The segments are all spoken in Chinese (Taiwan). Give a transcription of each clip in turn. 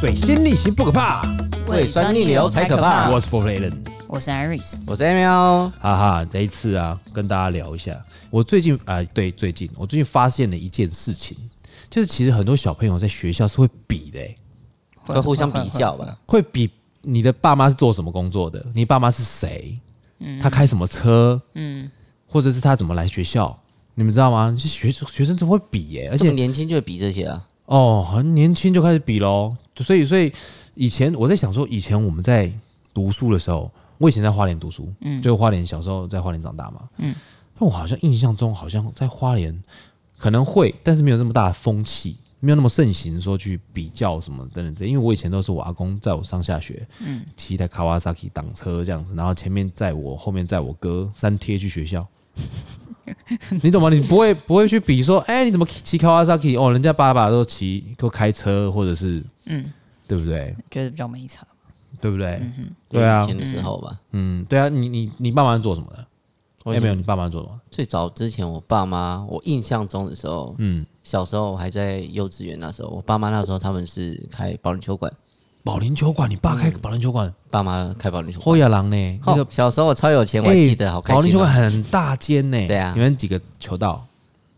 水星逆行不可怕，胃、嗯、酸逆流才可怕。我是布萊我是艾瑞斯，我是艾喵。哈、啊、哈，這一次啊，跟大家聊一下。我最近啊、呃，對，最近我最近發現了一件事情，就是其實很多小朋友在學校是會比的，會互相比較吧？會比你的爸媽是做什麼工作的，你爸媽是誰？嗯、他開什麼車？嗯，或者是他怎麼來學校？你們知道嗎？是學學生怎麼會比耶，而且年輕就會比這些啊。哦，很年輕就開始比咯。所以，所以以前我在想說，以前我們在讀書的時候，我以前在花蓮讀書，嗯，就花蓮小時候在花蓮長大嘛，嗯，那我好像印象中好像在花蓮可能會，但是沒有那麼大的風氣，沒有那麼盛行說去比較什麼等等這，因為我以前都是我阿公載我上下學，嗯，騎一台卡瓦薩克擋車這樣子，然後前面載我，後面載我哥，三貼去學校。 你懂嗎？你不會不會去比說，哎、欸，你怎麼騎 Kawasaki 哦，人家爸爸都騎都開車，或者是，嗯，對不對？覺得比較沒意思，對不對？嗯、對啊，以前的時候吧，嗯，對啊，你你你爸媽做什麼的？我也、欸、沒有，你爸媽做什麼？最早之前，我爸媽，我印象中的時候，嗯，小時候還在幼稚園那時候，我爸媽那時候他們是開保齡球館。保齡球館，你爸開保齡球館、嗯，爸媽開保齡球館。侯亞狼呢？小時候我超有錢，我記得、欸、好開心、喔。保齡球館很大間呢、欸，對啊，你們幾個球道？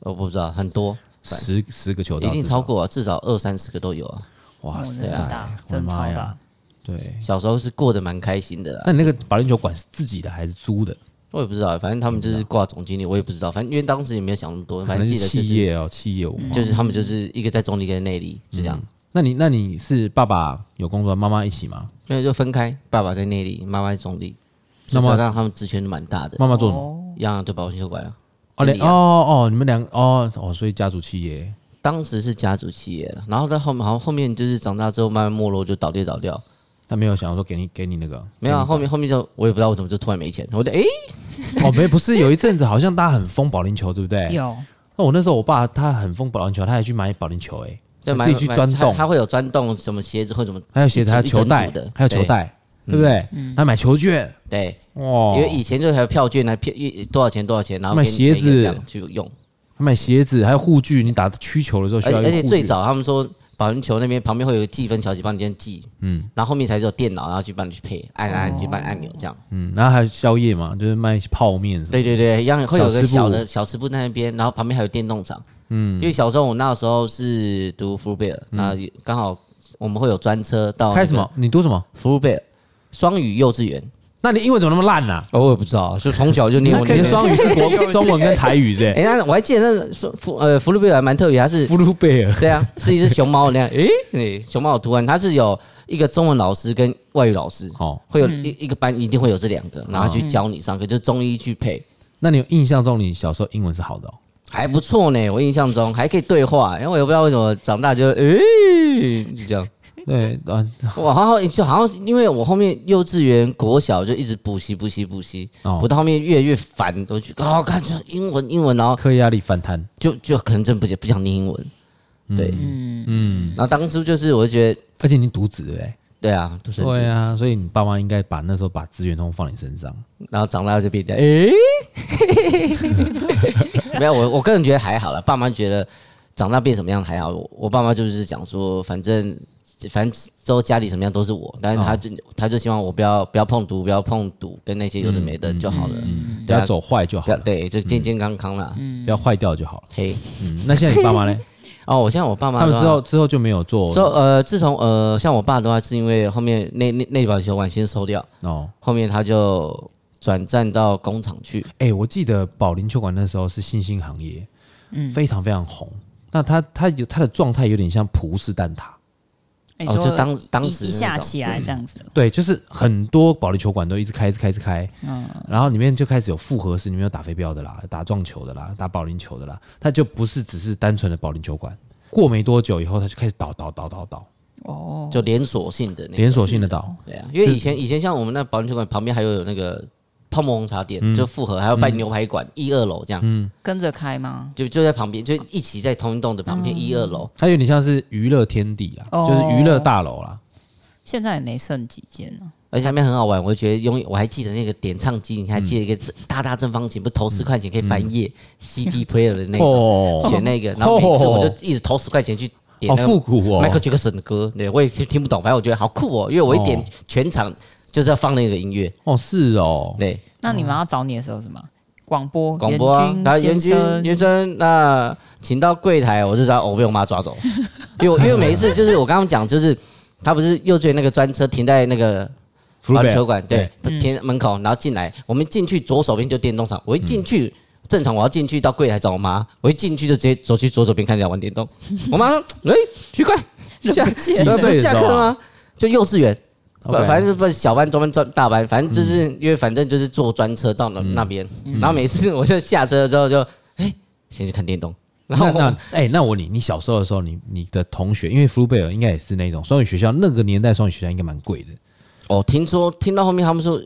我不知道，很多十十個球道，一定超過啊，至，至少二三十個都有啊。哇塞，哇塞，大，真的超大對！對，小時候是過得蠻開心的。那那個保齡球館是自己的還是租的？我也不知道、欸，反正他們就是掛總經理，我也不知道，反正因為當時也沒有想那麼多，反正記得、就是、企業哦、喔，企業就是他們就是一個在中壢，一個內壢、嗯，就這樣。嗯那你那你是爸爸有工作、啊，媽媽一起嗎？沒有，就分開。爸爸在那裡，媽媽在種地。那麼讓他們職權都蠻大的。媽媽做什麼一樣就把我先球館了。哦、oh，你哦哦，你們兩哦哦，oh oh, 所以家族企業。當時是家族企業，然後在後面，好像後面就是長大之後慢慢沒落，就倒掉倒掉。他沒有想要說給你給你那個，沒有、啊。後面後面就我也不知道我怎麼就突然沒錢。我覺得哎，欸、 哦沒不是，有一陣子好像大家很瘋保齡球，對不對？有。那我那時候我爸他很瘋保齡球，他還去買保齡球誒、欸。就自己去鑽洞，他會有鑽洞什麼鞋子或什麼，還有鞋子還有球袋還有球袋，對不對？他、嗯、買球券，對、嗯對，因為以前就還有票券來騙，多少錢多少錢，然後買鞋子這樣就用，買鞋子，還，買鞋子還有護具，你打曲球的時候需要護具，而且最早他們說保齡球那邊旁邊會有個計分小姐幫你先記，嗯，然後後面才是有電腦，然後去幫你去配，按按去按、哦、幫你按鈕這樣，嗯，然後還有宵夜嘛，就是賣泡麵什麼，對對對，一樣會有個小的小吃部在那邊，然後旁邊還有電動場。嗯，因為小時候我那時候是讀福祿貝爾，那剛好我們會有專車到 Bear, 開什麼？你讀什麼？福祿貝爾雙語幼稚園。那你英文怎麼那麼爛吶、啊哦？我也不知道，就從小就念。我 你，你的雙語是國 中文跟台語是是，對。哎，那我還記得那福呃，福祿貝爾還蠻特別，還是福祿貝爾？對啊，是一只熊貓那樣。哎、欸欸，熊貓圖案，它是有一個中文老師跟外語老師，哦，會有一一個班、嗯、一定會有這兩個，然後去教你上課、哦嗯，就中英去配。那你有印象中你小時候英文是好的、哦？還不錯呢，我印象中還可以對話。因為我也不知道為什麼長大就誒、欸，就這樣。對，哇，好好，就好像因為我後面幼稚園、國小就一直補習、補習、補習，補到後面越來越煩，都去好好看這英文、英文，然後課業壓力反彈，就就可能真不想不想念英文。對，嗯嗯。然後當初就是，我就覺得，而且你獨子對不對？對啊，對啊，所以你爸媽應該把那時候把資源都放你身上。然後長大就變成，誒。不要，我我個人覺得還好了。爸媽覺得長大變什麼樣還好。我，我爸媽就是講說反，反正反正之後家裡什麼樣都是我，但是他就、哦、他就希望我不要不要碰毒，不要碰賭，跟那些有的沒的就好了，嗯嗯嗯嗯嗯嗯嗯嗯、不要，要走壞就好了，對，就健健康康了，不要壞掉就好了。嘿、嗯，嗯嗯、 那現在你爸媽呢？ 哦，我現在我爸媽他們之後之後就沒有做。說，呃，自從呃，像我爸的話，是因為後面那那那把球館先收掉哦，後面他就。轉戰到工廠去。哎、欸，我記得保齡球館那時候是新興行業，嗯，非常非常紅。那它它有它的狀態有點像葡式蛋塔、欸，哦，就當當時是一下起來這樣子。對，就是很多保齡球館都一直，一直開，一直開，一直開。嗯，然後裡面就開始有複合式，裡面有打飛鏢的啦，打撞球的啦，打保齡球的啦。它就不是只是單純的保齡球館。過沒多久以後，它就開始倒倒倒倒倒。哦，就連鎖性的連鎖性的倒。對啊，因為以前以前像我們那保齡球館旁邊還有那個。泡沫紅茶店、嗯、就複合，還要辦牛排館、嗯，一二樓這樣，跟着開嗎？就就在旁邊，就一起在同一棟的旁邊、嗯，一二樓。它有點像是娛樂天地啊、哦，就是娛樂大樓啦。現在也沒剩幾間了。而且那邊很好玩，我覺得用，因我還記得那個點唱機，你還記得一個大大正方形，不是投十塊錢可以翻頁、嗯、CD player 的那個，選那個、哦，然後每次我就一直投十塊錢去點復、哦、古、哦、Michael Jackson 的歌，對我也是聽不懂，反正我覺得好酷哦，因為我一點全場。哦就是要放那個音樂哦，是哦，對。那你們要找你的時候什麼？廣播，廣播生啊。那嚴軍，嚴生。那、啊、請到櫃台，我就知道我被我媽抓走了。 因為我，因為每一次就是我剛剛講，就是他不是幼稚園那個專車停在那個籃球館，對、嗯，停門口，然後進來，我們進去左手邊就電動場。我一進去、嗯，正常我要進去到櫃台找我媽，我一進去就直接走去左手邊看人家玩電動。 我媽說：“哎、欸，奇怪，下課下課了嗎、啊？”就幼稚園。Okay、反正不是小班，中班、大班，反正就是因為反正就是坐專車到了那邊、嗯，然後每次我就下車之後就，哎、欸，先去看電動。然後，那那哎、欸，那我問你，你小時候的時候你，你你的同學，因為福祿貝爾應該也是那種雙語學校，那個年代雙語學校應該蠻貴的。哦，聽說聽到後面他們說。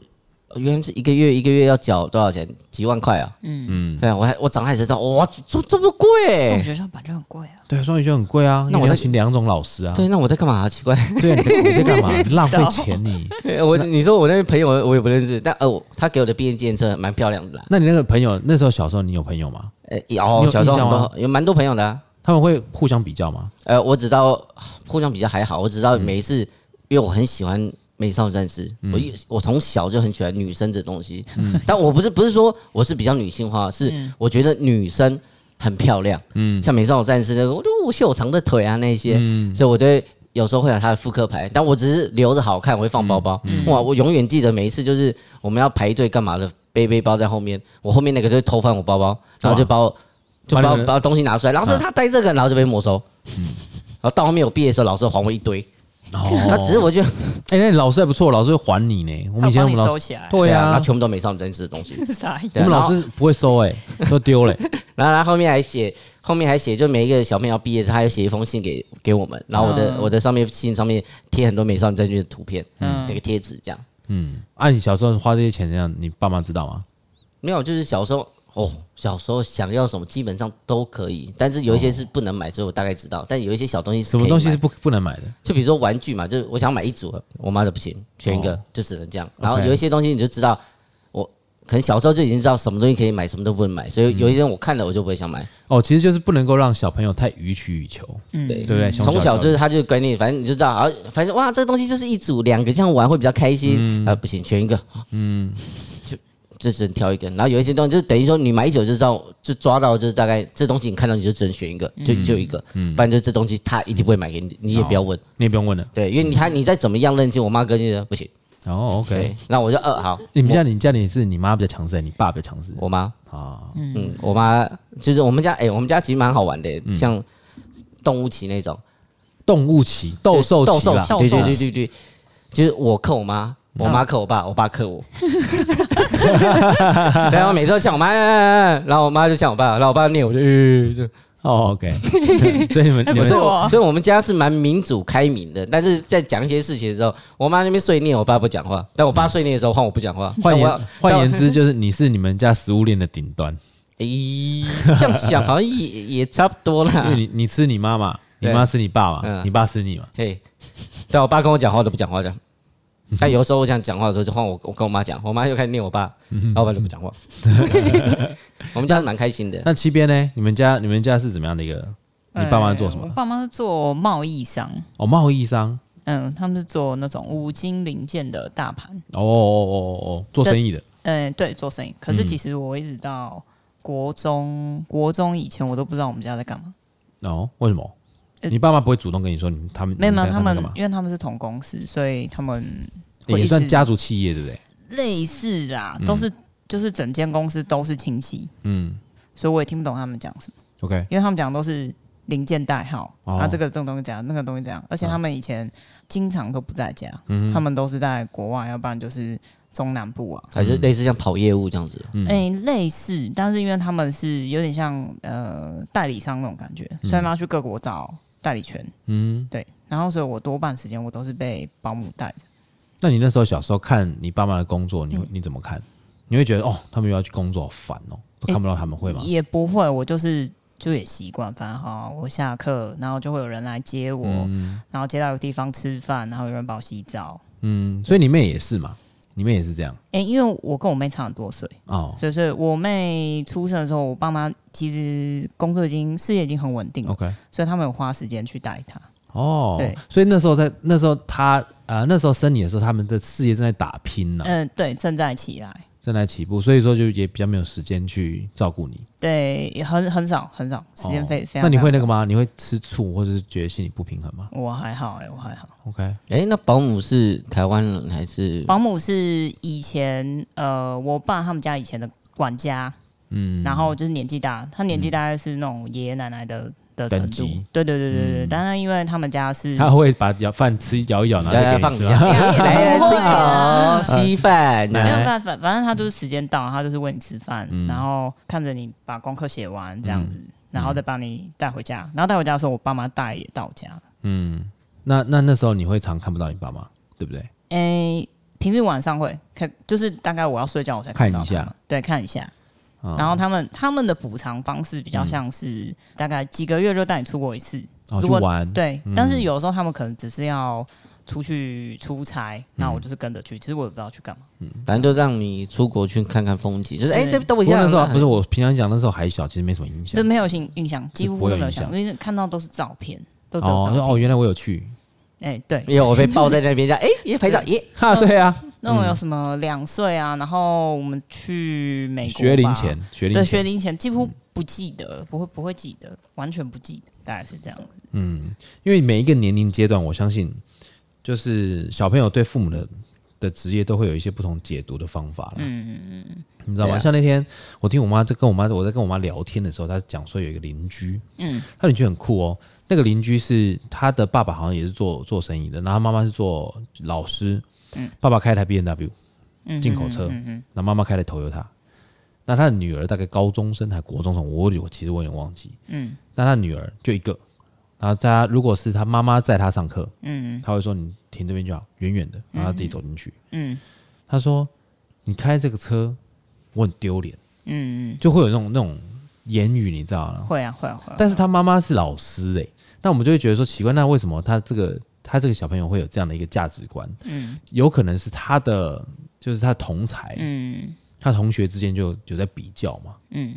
原來是一個月一個月要繳多少錢？幾萬塊啊？嗯嗯，對啊，我還我長海知道，哇、哦，這這麼貴、欸！我學校反正很貴啊。對啊，雙語學校很貴啊。那我要請兩種老師啊。對，那我在幹嘛、啊？奇怪。對，你在幹嘛？ 浪費錢你。我，你說我那個朋友，我也不認識，但呃，他給我的畢業紀念冊蠻漂亮的。那你那個朋友那時候小時候，你有朋友嗎？呃，有，小時候有蠻多朋友的、啊。他們會互相比較嗎？呃，我只知道互相比較還好。我只知道每一次、嗯，因為我很喜歡。美少女戰士，我、嗯、我從小就很喜歡女生的東西，嗯、但我不是不是說我是比較女性化，是我覺得女生很漂亮，嗯，像美少女戰士那個，嗚嗚，秀我修長的腿啊，那些、嗯，所以我就有時候會有他的撲克牌，但我只是留着好看，我會放包包，嗯嗯、哇，我永遠記得每一次就是我們要排隊幹嘛的，背背包在後面，我後面那個就會偷翻我包包，然後就把我、就把我把，把，把東西拿出來，老師他帶這個，然後就被沒收、啊，然後到後面我畢業的時候，老師還我一堆。 那只是我就，得，哎，那老師還不錯，老師會還你呢。我們以前老師，對呀，他全部都美少女戰士的東西。我們老師不會收，哎、啊，啊、 都丟了、啊。然後，他 然後, 後,後,後面還寫，後面還寫，就每一個小朋友畢業，他要寫一封信給給我們。然後我的、嗯、我的上面信上面貼很多美少女戰士的圖片，嗯，那個貼紙這樣。嗯，按、啊、你小時候花這些錢這樣，你爸媽知道嗎？沒有，就是小時候。哦、oh,，小時候想要什麼基本上都可以，但是有一些是不能買，oh. 所以我大概知道。但有一些小東西是買什麼東西是不不能買的？就比如說玩具嘛，就是我想買一組，我媽就不行，選一個就只能這樣。Oh. Okay. 然後有一些東西你就知道，我可能小時候就已經知道什麼東西可以買，什麼都不能買。所以有一些我看了我就不會想買。哦、嗯，oh, 其實就是不能夠讓小朋友太予取予求、嗯，對對不對？從、嗯、小，小就是他就觀念，反正你就知道，啊、反正哇，這個東西就是一組兩個這樣玩會比較開心、嗯、啊，不行，選一個，啊、嗯。就只能挑一個，然後有一些東西就等於說你買一九就知道，就抓到，就是大概這東西你看到你就只能選一個，就、嗯、就一個，嗯，不然就這東西他一定不會買給你，嗯、你也不要問、哦，你也不用問了，對，因為你看你再怎麼樣任性，我媽跟你說不行，哦，OK，那我就二、呃、好。你們家裡你家裡是你媽比較強勢，你爸比較強勢？我媽啊、哦，嗯，我媽就是我們家，哎、欸，我們家其實蠻好玩的、嗯，像動物棋那種，動物棋、鬥獸棋、鬥獸棋、對對對對對，其、就是、我克我媽。我媽克我爸，我爸克我。 然後每次都嗆我媽，然後我媽就嗆我爸，然後我爸念我，我，我就、呃、就哦、oh, OK。 所以你們不是我、啊，所以我們家是蠻民主開明的。但是在講一些事情的時候，我媽那邊碎念，我爸不講話；但我爸碎念的時候，換我不講話。換、嗯、言換言之，就是你是你們家食物鏈的頂端。咦、欸，這樣子講好像也 也差不多啦。因為你你吃你媽媽，你媽吃你爸嘛，你爸你、嗯？你爸吃你嘛。嘿、hey，但我爸跟我講話都不講話的。但、嗯啊、有時候我想講話的時候，就換我，我跟我媽講，我媽又開始念我爸，然後我爸就不講話。嗯、 我們家蠻開心的。那漆編呢？你們家，你們家是怎麼樣的一個？欸、你爸媽做什麼？我爸媽是做貿易商。哦，貿易商。嗯，他們是做那種五金零件的大盤。哦，哦哦哦哦，做生意的。嗯、呃，對，做生意。可是其實我一直到國中，嗯、國中以前我都不知道我們家在幹嘛。哦，為什麼？欸、你爸媽不會主動跟你說你他們，你在，他們沒有，沒他們，因為他們是同公司，所以他們、欸、也算家族企業，對不對？類似啦，嗯、都是就是整間公司都是親戚，嗯，所以我也聽不懂他們講什麼。OK，嗯、因為他們講的都是零件代號，哦、啊，這個這種東西講那個東西講，而且他們以前經常都不在家，哦，他們都是在國外，要不然就是中南部啊，嗯、還是類似像跑業務這樣子，哎、嗯欸，類似，但是因為他們是有點像呃代理商那種感覺，所以他們要去各國找。嗯代理權，嗯，對，然後所以我多半時間我都是被保姆帶着。那你那時候小時候看你爸媽的工作你，你、嗯、你怎麼看？你會覺得哦，他們又要去工作，煩哦，都看不到他們會嗎？欸、也不會，我就是就也習慣，反正哈，我下課然後就會有人來接我，嗯、然後接到有地方吃飯，然後有人幫我洗澡。嗯，所以你妹也是嘛。你妹也是這樣，哎，因為我跟我妹差很多歲，哦、oh.，所以，所以我妹出生的時候，我爸媽其實工作已經事業已經很穩定了，OK，所以他們有花時間去帶她，哦、oh.，對，所以那時候在那時候她啊、呃、那時候生你的時候，他們的事業正在打拼呢、啊，嗯、呃，對，正在起來。正在起步，所以說就也比較沒有時間去照顧你，對，很很少很少時間費、哦。那你會那個嗎？你會吃醋或者是覺得心理不平衡嗎？我還好哎、欸，我還好。OK，哎、欸，那保姆是台灣人還是？保姆是以前呃，我爸他們家以前的管家，嗯，然後就是年紀大，他年紀大概是那種爺爺奶奶的。的程度，對對對對對，當、嗯、然因為他們家是，嗯、他會把飯吃咬一咬，然後再、啊、放出哎，這、欸欸欸、會稀、啊、飯，沒有辦法，反正他就是時間到，他就是餵你吃飯、嗯，然後看着你把功課寫完這樣子、嗯，然後再把你帶回家，然後帶回家的時候，我爸媽帶也到家，嗯，那那那時候你會常看不到你爸媽，對不對？誒、欸，平時晚上會看，就是大概我要睡覺我才看，看一下，對，看一下。然後他們他們的補償方式比較像是大概幾個月就帶你出國一次，然、嗯、後去玩。對，嗯、但是有時候他們可能只是要出去出差，那、嗯、我就是跟着去。其實我也不知道去幹嘛，嗯嗯、反正就讓你出國去看看風景。嗯、就是哎、嗯，這都不一樣的時候、啊嗯、不是我平常講那時候還小，其實沒什麼印象，真沒有印印象，幾乎都沒有想，因為看到都是照片，哦都照片哦哦，原來我有去。哎，對，因為我被抱在那邊，像 哎、欸，也拍照，也哈、啊，對啊。嗯、那我有什麼兩歲啊？然後我們去美國學齡前，學齡對學齡前幾乎不記得，嗯、不會不會記得，完全不記得，大概是這樣嗯，因為每一個年齡階段，我相信就是小朋友對父母的的職業都會有一些不同解讀的方法嗯嗯嗯，你知道嗎？啊、像那天我聽我媽在跟我媽，我在跟我媽聊天的時候，她講說有一個鄰居，嗯，她鄰居很酷哦、喔。那個鄰居是他的爸爸，好像也是做做生意的，然後他媽媽是做老師。嗯、爸爸開一台 B M W，進口車。那媽媽開來 Toyota，那他的女兒大概高中生還國中生，我我其實我有點忘記。嗯。那他女兒就一個，然後在他如果是他媽媽載他上課。嗯,哼嗯哼他會說：“你停這邊就好，遠遠的。”然後他自己走進去。嗯,嗯。他說：“你開這個車，我很丟臉。”嗯嗯。就會有那種那種言語，你知道嗎？會啊會啊會啊。但是他媽媽是老師哎、欸，那、啊啊欸啊、我們就會覺得說奇怪，那為什麼他這個？他這個小朋友會有這樣的一個價值觀，嗯，有可能是他的，就是他的同才，嗯，他同學之間就有在比較嘛，嗯，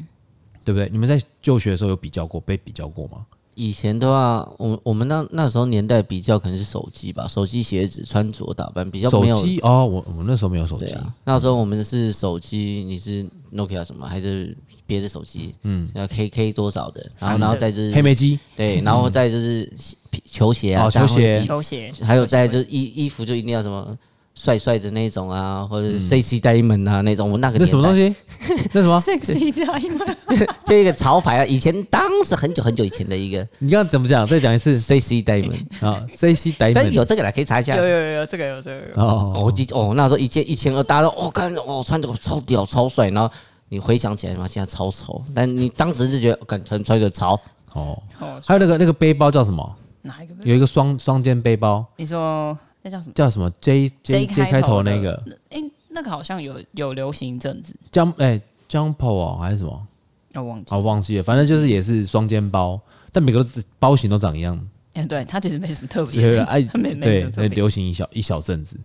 對不對？你們在就學的時候有比較過，被比較過嗎？以前的話，我我們那那時候年代比較可能是手機吧，手機鞋子穿着打扮比較沒有。手機哦，我我那時候沒有手機、啊，那時候我們是手機，你是 Nokia 什麼還是別的手機？嗯，要 KK 多少的，然後、啊、然後再就是黑莓機，對，然後再就是。嗯。球鞋啊、哦，球鞋球鞋，球鞋，球鞋，還有在就是衣衣服就一定要什麼帥帥的那種啊，或者、嗯、Sexy Diamond 啊那種，我、哦、那個那什麼東西？ 那什麼？Sexy Diamond 就一個潮牌啊，以前當時很久很久以前的一個，你剛剛怎麼講？再講一次 Sexy Diamond 啊、 哦、，Sexy Diamond，但有這個啦，可以查一下。有有有有這個有這個哦，我、哦、記哦，哦，哦，哦，那時候一件一千二，大家都哦看哦穿這個超屌超帥，然後你回想起來嘛，現在超醜、嗯，但你當時就覺得敢穿穿這個潮哦。還有那個那個背包叫什麼？哪一個？有一個雙雙肩背包。你說那叫什麼？叫什麼 J J J 開頭，J 開頭那個？哎、欸，那個好像有有流行一陣子。江、欸，哎，Jump，哦、喔，還是什麼？我、哦、忘記。我忘記了，反正就是也是雙肩包、嗯，但每個包型都長一樣。哎、欸，對，它其實沒什麼特別。哎、啊，對，流行一小一小陣子。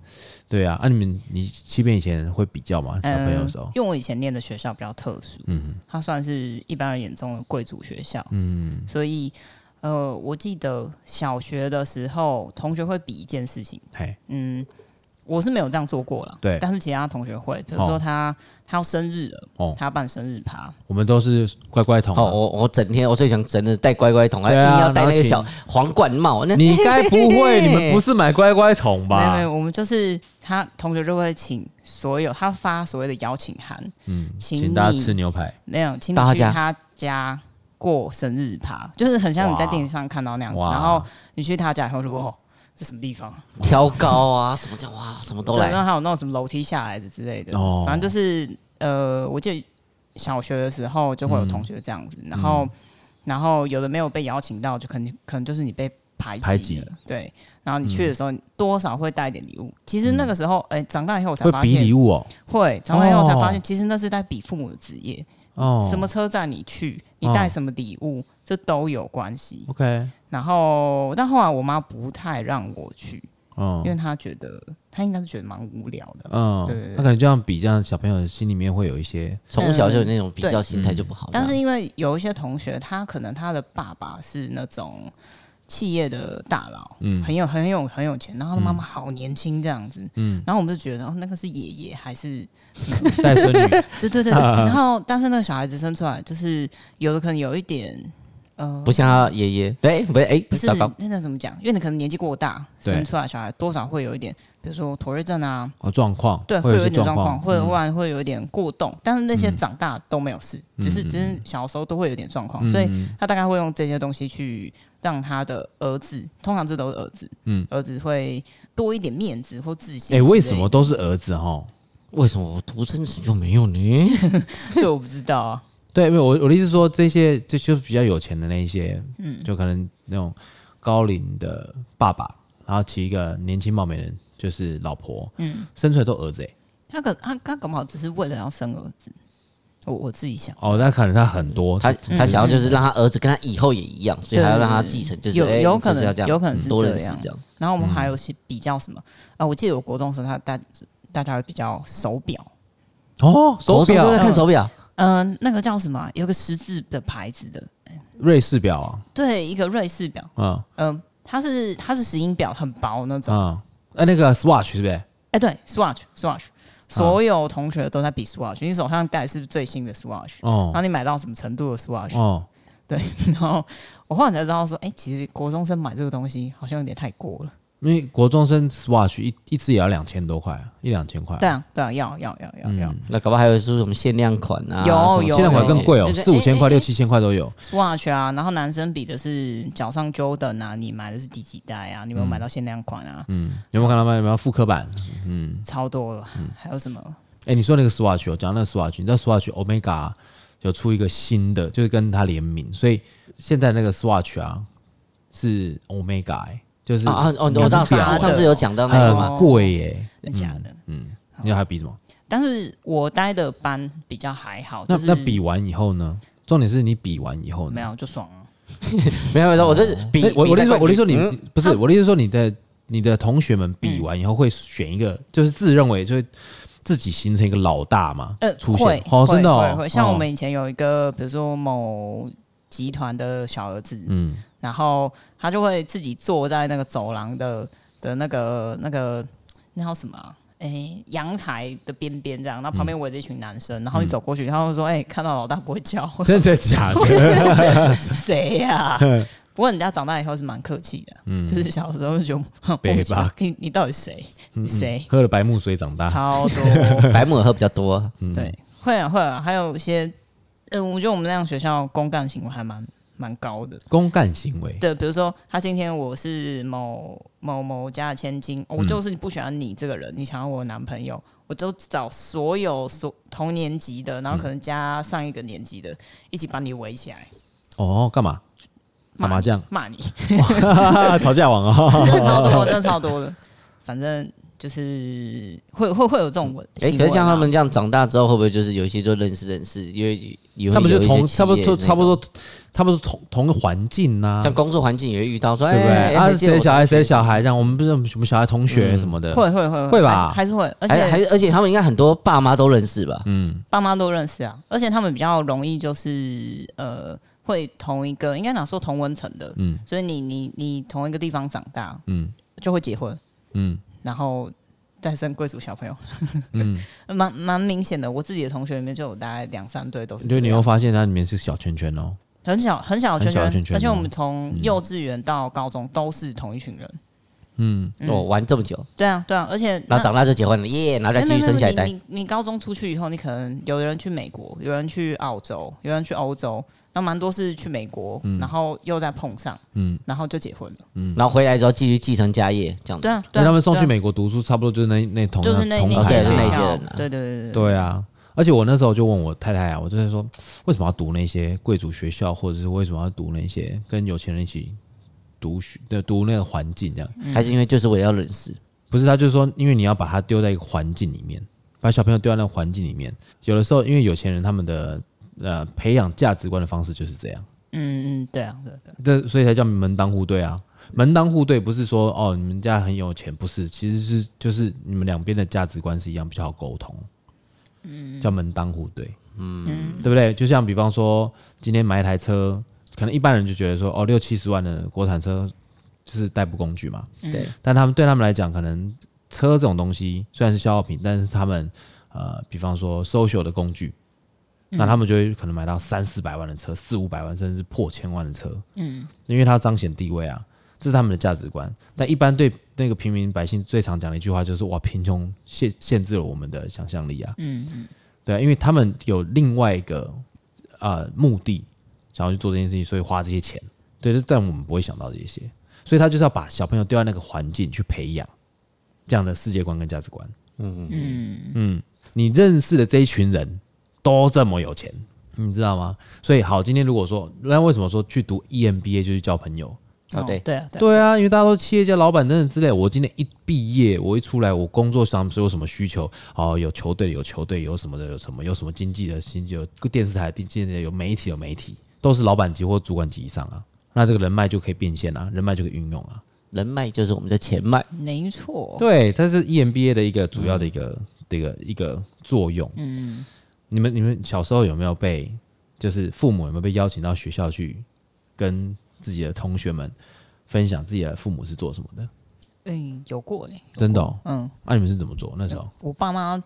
對啊，那、啊、你們你漆編以前會比較嗎？小朋友的時候，因、呃、為我以前念的學校比較特殊，嗯，它算是一般人眼中的貴族學校，嗯，所以。呃，我記得小學的時候，同學會比一件事情。嘿，嗯，我是沒有這樣做過了。對，但是其他同學會，比如說他，哦、他要生日了，哦，他要辦生日趴，我們都是乖乖桶。哦，我我整天我最想整日戴乖乖桶，還，啊、一定要戴那個小皇冠帽。那你該不會嘿嘿嘿嘿，你們不是買乖乖桶吧？沒有，嘿嘿嘿沒有，沒有，我們就是他同學就會請所有他，發所謂的邀請函，嗯，請，請大家吃牛排，沒有，請你去他家。過生日趴就是很像你在電視上看到那樣子，然後你去他家以後說、哦，這什麼地方挑高啊，什麼叫哇、什麼都來，然後還有那種什麼樓梯下來的之類的，哦、反正就是呃，我記得小學的時候就會有同學這樣子，嗯、然後然後有的沒有被邀請到就可能，就肯定可能就是你被排擠了排，對，然後你去的時候、嗯、多少會帶點禮物，其實那個時候哎，長大以後我才發現禮物哦，會、欸、長大以後才發現，哦發現哦、其實那是在比父母的職業。Oh, 什麼車站你去，你帶什麼禮物，oh, 這都有關係。OK，然後但後來我媽不太讓我去，oh, 因為她覺得她應該是覺得蠻無聊的，嗯、oh,，對,對，她可能就像比較小朋友的心裡面會有一些從、嗯、小就有那種比較心態就不好、嗯，但是因為有一些同學，他可能他的爸爸是那種。企業的大佬，很有很有很有錢，然後他媽媽好年輕這樣子、嗯，然後我們就覺得，哦，那個是爺爺還是什麼帶孫女 對對對， 然後但是那個小孩子生出來，就是有的可能有一點。呃，不像他爺爺，對，不是，哎、欸，不是，真的怎麼講？因為你可能年紀過大，生出來小孩多少會有一點，比如說妥瑞症啊，狀、啊、況，對，會有一點狀況，或者會會有一點過動，但是那些長大都沒有事，嗯、只是只是小時候都會有點狀況、嗯，所以他大概會用這些東西去讓他的兒子，通常這都是兒子，嗯，兒子會多一點面子或自信。哎、欸，為什麼都是兒子哈？為什麼我獨生子就沒有呢？這 我不知道啊。對，因為我我的意思是說，這些這就是比較有錢的那一些，嗯，就可能那種高齡的爸爸，然後娶一個年輕貌美的就是老婆，嗯，生出來都兒子、欸。他可他他搞不好只是為了要生兒子，我我自己想。哦，那可能他很多，嗯就是、他他想要就是讓他兒子跟他以後也一樣，嗯、所以他要讓他繼承，就是有，有可能、欸、有可能是這樣、嗯、多的是這樣。然後我們還有些比較什麼、嗯、啊？我記得我國中的時候他帶，他大大家會比較手表。哦，手表都在看手表。嗯嗯、呃，那個叫什麼？有個十字的牌子的，瑞士表啊？對，一個瑞士表。嗯，嗯、呃，它是它是石英表，很薄那種。啊、嗯，呃、欸、那個 Swatch 是不是？哎、欸，對，Swatch，Swatch，Swatch，所有同學都在比 Swatch，嗯、你手上戴的是最新的 Swatch？哦、嗯，那你買到什麼程度的 Swatch？哦、嗯，對，然後我後來才知道說，哎、欸，其實國中生買這個東西好像有點太過了。因為國中生 Swatch 一一隻也要兩千多塊、啊，一兩千塊。對啊，對啊，要要要要、嗯、那搞不好還有是什麼限量款啊？有有，有限量款更貴哦、喔，四五千塊、六七千塊都有欸欸欸。Swatch 啊，然後男生比的是腳上 Jordan 啊，你買的是第幾代啊？你有沒有買到限量款啊？嗯，嗯有沒有看到嗎有沒有復刻版？嗯，超多了。嗯、還有什麼？哎、欸，你說那個 Swatch 哦，我講那個 Swatch，你知道 Swatch Omega 有出一個新的，就是跟他聯名，所以現在那個 Swatch 啊是 Omega、欸。就是、哦、啊，哦，哦你我上上次有講到那個貴耶，假的。嗯，你要還比什麼？但是我待的班比較還好。就是、那那比完以後呢？重點是你比完以後呢沒有就爽了， 沒有我這是比。比欸、我我我的意思說，你不是我的意思說你，嗯啊、我的意思說你的你的同學們比完以後會選一個，嗯、就是自認為就會自己形成一個老大嘛？呃、出現，哦，真的哦，像我們以前有一個，哦、比如說某集團的小兒子，嗯。然後他就會自己坐在那個走廊的的那個那個那叫、個、什麼、啊？哎，陽台的邊邊這樣。那旁邊圍着一群男生，嗯、然後你走過去，他會說：“哎，看到老大不會叫。嗯”真的假的？誰呀、啊？不過人家長大以後是蠻客氣的，嗯，就是小時候就。北吧、哦啊？你你到底誰？嗯、你誰、嗯、喝了白木水長大？超多白木耳喝比較多。嗯、對，嗯、會啊會啊，還有一些，嗯，我覺得我們那樣學校的公幹行為還蠻。蠻高的公幹行為，對，比如說他今天，我是某某某家的千金、嗯，我就是不喜歡你這個人，你想要我男朋友，我就找所有所同年級的，然後可能加上一個年級的，嗯、一起把你圍起來。哦，幹嘛？打麻將？罵你？哦、 吵架王枉啊、哦！ 真的超多，真的超多的。反正就是會會會有這種行為、啊。你、欸、可是像他們這樣長大之後，會不會就是有一些就認識認識？因為。他們就同，差不多，差不多，差不多，同同個環境吶、啊，像工作環境也會遇到說，說對不對？啊，誰小孩誰小孩這樣，我們不是什麼小孩同學什麼的、嗯，會會會會，會吧還，還是會，而且還，還而且他們應該很多爸媽都認識吧，嗯，爸媽都認識啊，而且他們比較容易就是呃，會同一個應該講說同溫層的，嗯，所以你你你同一個地方長大，嗯，就會結婚，嗯，然後。再生貴族小朋友嗯， 嗯，蠻蠻明顯的。我自己的同學裡面就有大概兩三對都是。對，你會發現它裡面是小圈圈哦，很小很小的圈圈，而且我們從幼稚園到高中都是同一群人。嗯，我玩這麼久，嗯，對啊，對啊，而且那然後長大就結婚了，耶！然後再繼續生下一代。你高中出去以後，你可能有人去美國，有人去澳洲，有人去歐洲，那蠻多是去美國，嗯、然後又再碰上，嗯，然後就結婚了，嗯，然後回來之後繼續繼承家業，這樣子。對啊，對啊，他們送去美國讀書，差不多就是那那同就、啊啊啊啊、是那同的那些人、啊，對對對對對，對啊！而且我那時候就問我太太啊，我就是說，為什麼要讀那些貴族學校，或者是為什麼要讀那些跟有錢人一起？讀，讀那個環境這樣，還是因為就是我要認識，嗯、不是，他就是說，因為你要把他丟在一個環境裡面，把小朋友丟在那個環境裡面，有的時候因為有錢人他們的呃培養價值觀的方式就是這樣，嗯嗯，對啊，對啊，對啊，所以才叫門當戶對啊，對，門當戶對不是說哦你們家很有錢，不是，其實是就是你們兩邊的價值觀是一樣，比較好溝通，嗯，叫門當戶對，嗯，對不對？就像比方說今天買一台車。可能一般人就覺得說，哦，六七十萬的國產車就是代步工具嘛。對，但他們對他們來講，可能車這種東西雖然是消耗品，但是他們呃，比方說 social 的工具、嗯，那他們就會可能買到三四百萬的車，四五百萬甚至破千萬的車。嗯，因為它彰顯地位啊，這是他們的價值觀。但一般對那個平民百姓最常講的一句話就是，哇，貧窮限限制了我們的想象力啊。嗯嗯，對，因為他們有另外一個啊、呃、目的。想要去做這件事情，所以花這些錢，對，但我們不會想到這些，所以他就是要把小朋友丟在那個環境去培養這樣的世界觀跟價值觀。嗯嗯嗯，你認識的這一群人都這麼有錢，你知道嗎？所以好，今天如果說那為什麼說去讀 EMBA 就去交朋友？哦，對對啊對，對啊，因為大家都企業家、老板等等之類。我今天一畢業，我一出來，我工作上所有什麼需求，哦，有球隊，有球隊，有什麼的，有什麼，有什麼經濟的，經濟有電視台的，電視台有媒體，有媒體，有媒體。都是老闆級或主管級以上啊，那這個人脈就可以變現啊，人脈就可以運用啊。人脈就是我們的錢脈。嗯，沒錯。對，它是 EMBA 的一個主要的一個、嗯、的一個一個作用。嗯，你們你們小時候有沒有被就是父母有沒有被邀請到學校去跟自己的同學們分享自己的父母是做什麼的？嗯，有過哎、欸，真的。喔。嗯、那、啊、你們是怎麼做？那時候，嗯、我爸媽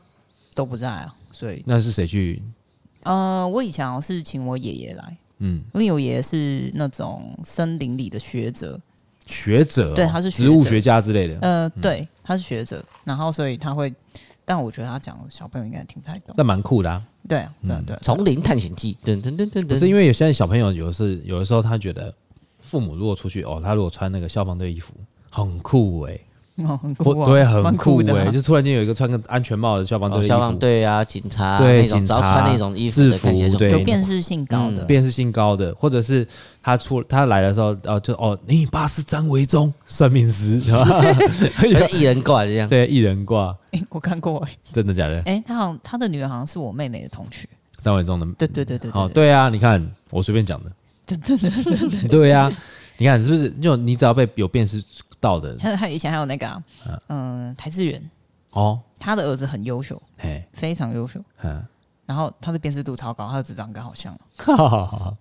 都不在啊，所以那是誰去？呃，我以前是請我爺爺來。嗯，因為我爺爺是那種森林裡的學者，學者、哦、對，他是者植物學家之類的。呃、嗯，對，他是學者，然後所以他會，但我覺得他講的小朋友應該聽不太懂。那蠻酷的、啊，對對、啊對，啊嗯嗯、對，叢、啊啊、林探險記，等等等等。可是因為有些小朋友，有的是有的時候他覺得父母如果出去哦，他如果穿那個消防隊衣服很酷誒、欸。哦、很酷、啊。對，很酷哎、欸啊，就突然間有一個穿個安全帽的，小的、哦、消防隊消防隊啊，警察、啊、對那種警察穿那種衣服的感覺制服，對有辨識性高的、嗯嗯、辨識性高的，或者是他出他來的時候，哦就哦、欸，你爸是張維忠算命師，是吧，哈哈 一人掛這樣，對一人掛，我看過哎、欸，真的假的？哎、欸，他好像他的女兒好像是我妹妹的同學，張維忠的妹妹，對對對對哦對啊，你看我隨便講的，真的真的，對啊，你看、， 啊、你看是不是就你只要被有辨識。到的，他他以前還有那個、啊，嗯、啊呃，台志遠哦，他的兒子很優秀，嘿，非常優秀，嗯，然後他的辨識度超高，他的兒子長得好像，哈哈，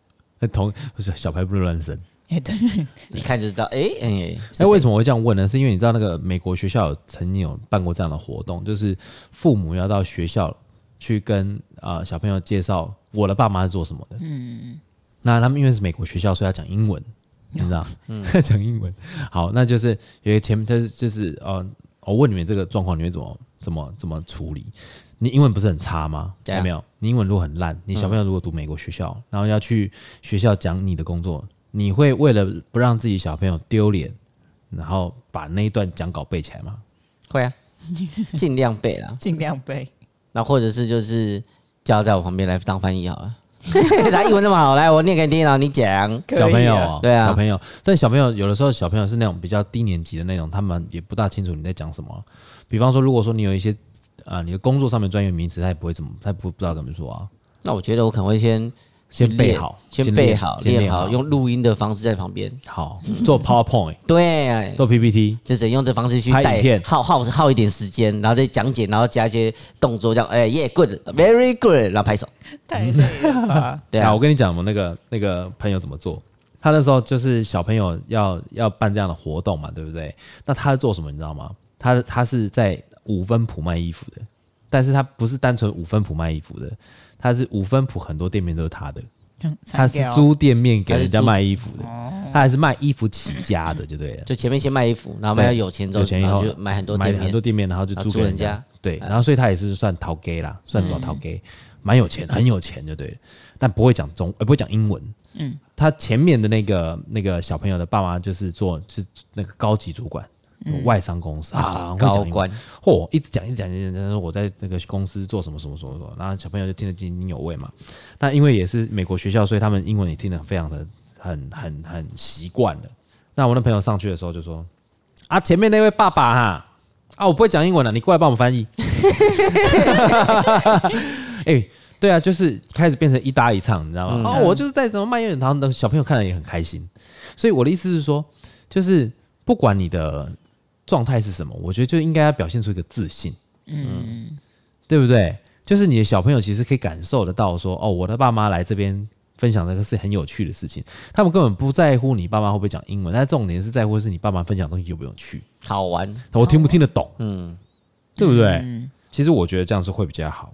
同小牌不能亂生，哎、欸，對，一看就知道，哎、欸、哎，那、欸欸、為什麼我會這樣問呢？是因為你知道那個美國學校有曾經有辦過這樣的活動，就是父母要到學校去跟啊、呃、小朋友介紹我的爸媽是做什麼的，嗯嗯，那他們因為是美國學校，所以要講英文。你知道，講、嗯、 英文好，那就是因為前面就是就是呃，我、哦哦、問你們這個狀況，你們怎麼怎麼怎麼處理？你英文不是很差嗎？有沒有？你英文如果很爛，你小朋友如果讀美國學校，嗯、然後要去學校講你的工作，你會為了不讓自己小朋友丟臉，然後把那一段講稿背起來嗎？會啊，盡量背啦，盡 量背。那或者是就是叫在我旁邊來當翻譯好了。 他英文那麼好，來，我念給你聽，然後你講。小朋友，對啊，小朋友。但小朋友有的時候，小朋友是那種比較低年級的那種，他們也不大清楚你在講什麼。比方說，如果說你有一些啊，你的工作上面專業名詞，他也不會怎麼，他也不不知道怎麼說啊。那我覺得我可能會先。先背好，先，先背好，練好，好，用錄音的方式在旁邊好、嗯、做 PowerPoint， 對、啊，做 PPT，就是用這方式去帶拍片，耗耗耗一點時間，然後再講解，然後加一些動作，這樣，哎耶、yeah, good，very good，然後拍手，好 對好、啊啊、我跟你講嘛，我那個那個朋友怎麼做？他那時候就是小朋友要要辦這樣的活動嘛，對不對？那他做什麼你知道嗎？他他是在五分埔賣衣服的，但是他不是單純五分埔賣衣服的。他是五分埔很多店面都是他的，他是租店面給人家賣衣服的，他還，還是賣衣服起、哦、家的，就對了。就前面先賣衣服，然後賣有錢之後，有錢以後，後就買很多買很多店面，然後就租給人後租人家。對，哎、然後所以他也是算頭家啦、嗯，算多少頭家，蠻有錢，很有錢就對了，但不會講中、呃，不會講英文。嗯，他前面的那個那個小朋友的爸媽就是做是那個高級主管。外商公司、嗯、啊，高官。文，嚯，一直講，一講，一講，我在那個公司做什麼，什麼，什麼，什麼，然後小朋友就聽得津津有味嘛。那因為也是美國學校，所以他們英文也聽得非常的很，很，很，很習慣了。那我那朋友上去的時候就說：“啊，前面那位爸爸哈、啊，啊，我不會講英文了、啊，你過來幫我翻譯。 ”哎、 欸，對啊，就是開始變成一搭一唱，你知道嗎？嗯嗯哦，我就是在什麼賣藥，堂的小朋友看了也很開心。所以我的意思是說，就是不管你的，狀態是什麼？我覺得就應該要表現出一個自信嗯，嗯，對不對？就是你的小朋友其實可以感受得到說，說哦，我的爸媽來這邊分享的，這個是很有趣的事情。他們根本不在乎你爸媽會不會講英文，但是重點是在乎是你爸媽分享的東西有沒有趣、好玩。我聽不聽得懂，嗯，對不對、嗯？其實我覺得這樣子會比較好。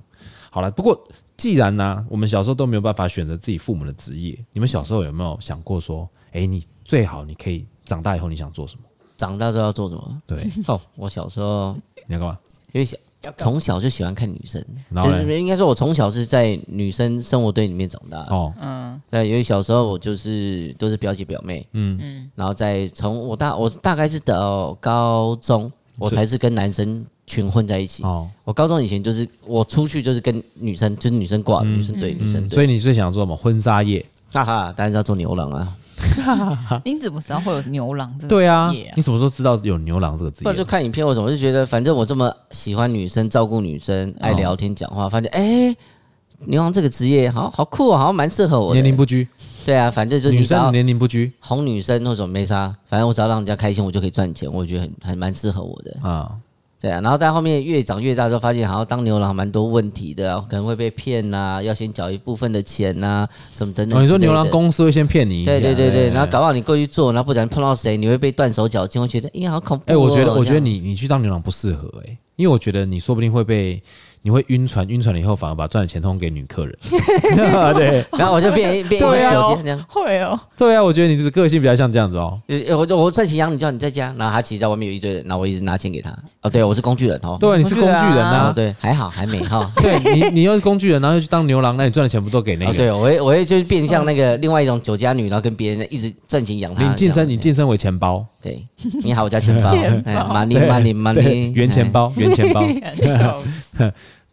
好了，不過既然呢、啊，我們小時候都沒有辦法選擇自己父母的職業，你們小時候有沒有想過說，哎、嗯，你最好你可以長大以後你想做什麼？長大之後要做什麼？對哦，oh, 我小時候你要幹嘛？因為小從小就喜歡看女生， 就是應該說，我從小是在女生生活堆裡面長大的哦。嗯、oh.，對，因為小時候我就是都是表姐表妹，嗯，然後在從我大我大概是到高中，我才是跟男生群混在一起。哦、oh.，我高中以前就是我出去就是跟女生，就是女生掛、嗯、女生對、嗯、女生對。所以你最想做什麼？婚紗業。哈哈，但是要做牛郎啊。 你怎麼知道會有牛郎這個職業？啊對啊？你什麼時候知道有牛郎這個職業？啊？就看影片，我怎麼就覺得，反正我這麼喜歡女生，照顧女生，愛聊天講話，發現哎、欸，牛郎這個職業好好酷啊，喔，好像蠻適合我的，欸。年齡不拘，對啊，反正就是女生年齡不拘，哄女生那種沒啥，反正我只要讓人家開心，我就可以賺錢，我覺得很很蠻適合我的啊。嗯對啊，然後在後面越長越大之後，發現好像當牛郎蠻多問題的，可能會被騙吶、啊，要先繳一部分的錢吶、啊，什麼等等的、哦。你說牛郎公司會先騙你一下？對對對對，對對對，然後搞不好你過去做，然後不然碰到誰你會被斷手腳，就會覺得哎，好恐怖。哎，我覺得，欸哦欸、我覺得，我覺得你你去當牛郎不適合哎、欸，因為我覺得你說不定會被。你會暈船，暈船了以後反而把賺的錢通給女客人， 啊、對， 然後我就變我變一個酒店，這樣會哦，對啊，我覺得你這個個性比較像這樣子哦，我我掙錢養你，叫你在家，然後他其實在外面有一堆人，然後我一直拿錢給他，哦、 喔，對我是工具人哦，對，你是工具人啊，喔、對，還好還沒哈、哦，對，你你又是工具人，然後又去當牛郎，牛郎那你賺的錢不都給那個？ 啊、對我會我會就變相那個另外一種酒家女，然後跟別人一直掙錢養他身。你晉升，你晉升為錢包，對，你好，我叫錢包，money money money，元錢包，元錢包。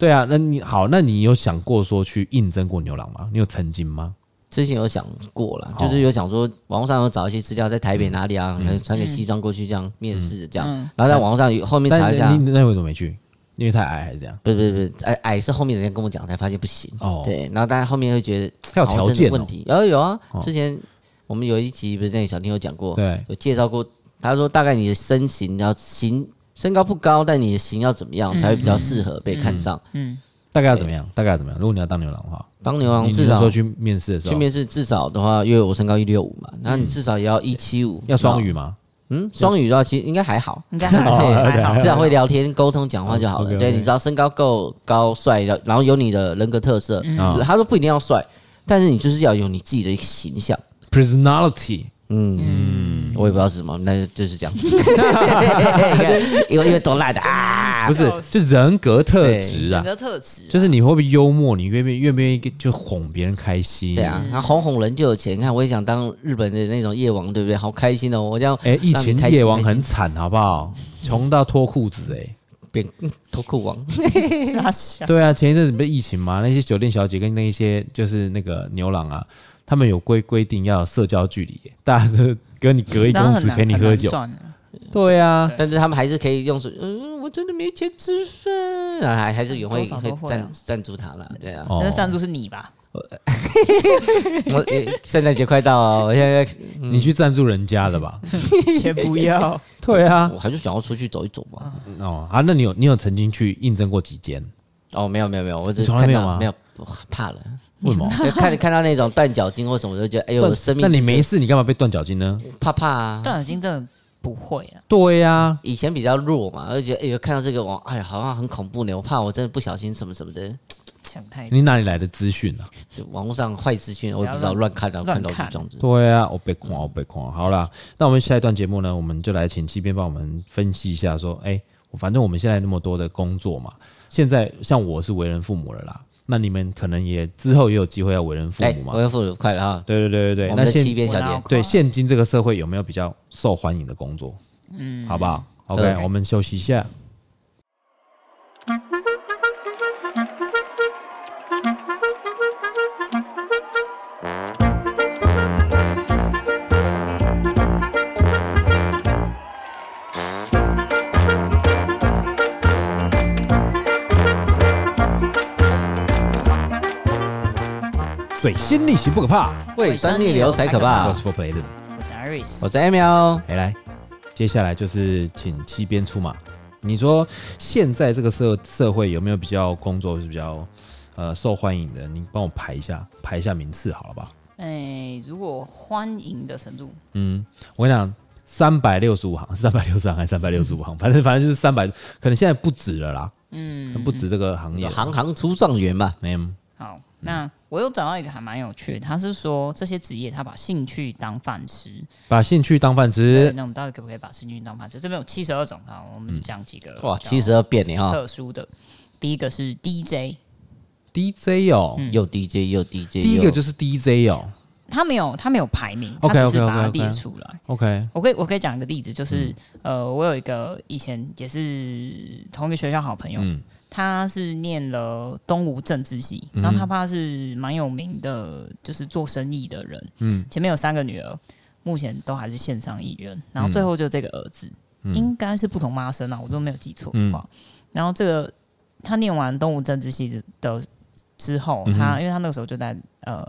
對啊，那你好，那你有想過說去應徵過牛郎嗎？你有曾經嗎？之前有想過了、哦，就是有想說，網絡上有找一些資料，在台北哪裡啊，嗯、穿個西裝過去這樣、嗯、面試這樣、嗯，然後在網絡上有、嗯、後面查一下。那為什麼沒去？因為太矮還是這樣？不不不，矮矮是後面的人家跟我講才發現不行、哦。對，然後大家後面會覺得他有條件、哦、問題。有、哦、有啊、哦，之前我們有一集不是那個小弟有講過，對有介紹過，他說大概你的身形要形。身高不高，但你的型要怎麼樣才會比較適合被看上，嗯嗯嗯？嗯，大概要怎麼樣？大概要怎麼樣？如果你要當牛郎的話，當牛郎至少說、欸、去面試的時候，去面試至少的話，因為我身高一六五嘛，那你至少也要一七五。要雙語嗎？嗯，雙語的話其實應該還好，應該還好、哦 okay, 還好，至少會聊天、溝通、講話就好了。哦、okay, okay, 對，你只要身高夠高、帥，然後有你的人格特色。嗯嗯、他說不一定要帥，但是你就是要有你自己的一個形象，personality。嗯，嗯，我也不知道是什麼，那就是這樣，因為因為多賴的啊，不是，就人格特質啊，人格特質，就是你會不會幽默，你願不願不願意就哄別人開心？對啊，哄哄人就有錢，你看我也想當日本的那種夜王，對不對？好開心哦！我這樣，哎、欸，疫情夜王很慘，好不好？窮到脫褲子、欸，哎，變脫褲王， 對啊，前一陣子不是疫情嗎？那些酒店小姐跟那一些就是那個牛郎啊。他們有規規定要有社交距離，大家是跟你隔一公尺陪你喝酒，對啊對，但是他們還是可以用手嗯，我真的沒錢吃飯、啊，還還是有會會贊、啊、助他啦，對啊，那贊助是你吧？哦、 我聖誕節快到了、哦，我現在、在、嗯、你去贊助人家的吧？先不要，對啊，我還是想要出去走一走吧。嗯、哦啊，那你有你有曾經去應徵過幾間？哦，沒有沒有沒有，我只從來沒有嗎、啊？沒有，怕了。為什麼？看 你看到那種斷腳筋或什麼，就覺得哎呦，生命。那你沒事，你幹嘛被斷腳筋呢？怕怕，斷腳筋真的不會啊。對呀、啊，以前比較弱嘛，而且哎呦，看到這個網，哎呀，好像很恐怖呢、欸。我怕我真的不小心什麼什麼的，想太多。你哪裡來的資訊呢？網絡上壞資訊，我不知道亂看，然後看到這種這。亂、嗯、對啊，我被狂、啊，我被狂、啊。好了，那我們下一段節目呢，我們就來請漆編幫我們分析一下說，說、欸、哎，反正我們現在那麼多的工作嘛，現在像我是為人父母了啦。那你們可能也之後也有機會要為人父母嘛、欸？為人父母快了哈、啊！對對對對對。我們的漆編小姐。那現我那對現今這個社會有沒有比較受歡迎的工作？嗯，好不好 okay？OK，我們休息一下。水星逆行不可怕，彗星逆流才可怕。啊、我是 Fourplay 我是 Aris 我是 Emil 來，接下來就是請漆編出馬。你說現在這個社社會有沒有比較工作是比較呃受歡迎的？你幫我排一下，排一下名次，好了吧？哎，如果歡迎的程度，嗯，我跟你講，三百六十五行，三百六十行還是三百六十五行、嗯，反正反正就是三百，可能現在不止了啦。嗯，不止這個行業，行行出狀元吧。嗯嗯、那我又找到一個還蠻有趣的。他是說這些職業他把興趣當飯吃，把興趣當飯吃。那我們到底可不可以把興趣當飯吃？這邊有七十二種啊，我們講幾個哇，七十二變你好，特殊的第一個是 DJ，DJ、嗯、哦是 DJ,、嗯，又 DJ 又 DJ，第一個就是 DJ 哦，他沒有他沒有排名，他只是把它列出來。OK，, okay, okay, okay. okay. 我可以我可以講一個例子，就是、嗯、呃，我有一個以前也是同一個學校好朋友。嗯他是念了東吳政治系，然後他爸是蠻有名的就是做生意的人，嗯，前面有三個女兒，目前都還是線上藝人，然後最後就這個兒子，嗯、應該是不同媽生啊，我都沒有記錯的話、嗯，然後這個他念完東吳政治系之的之後，他因為他那個時候就在呃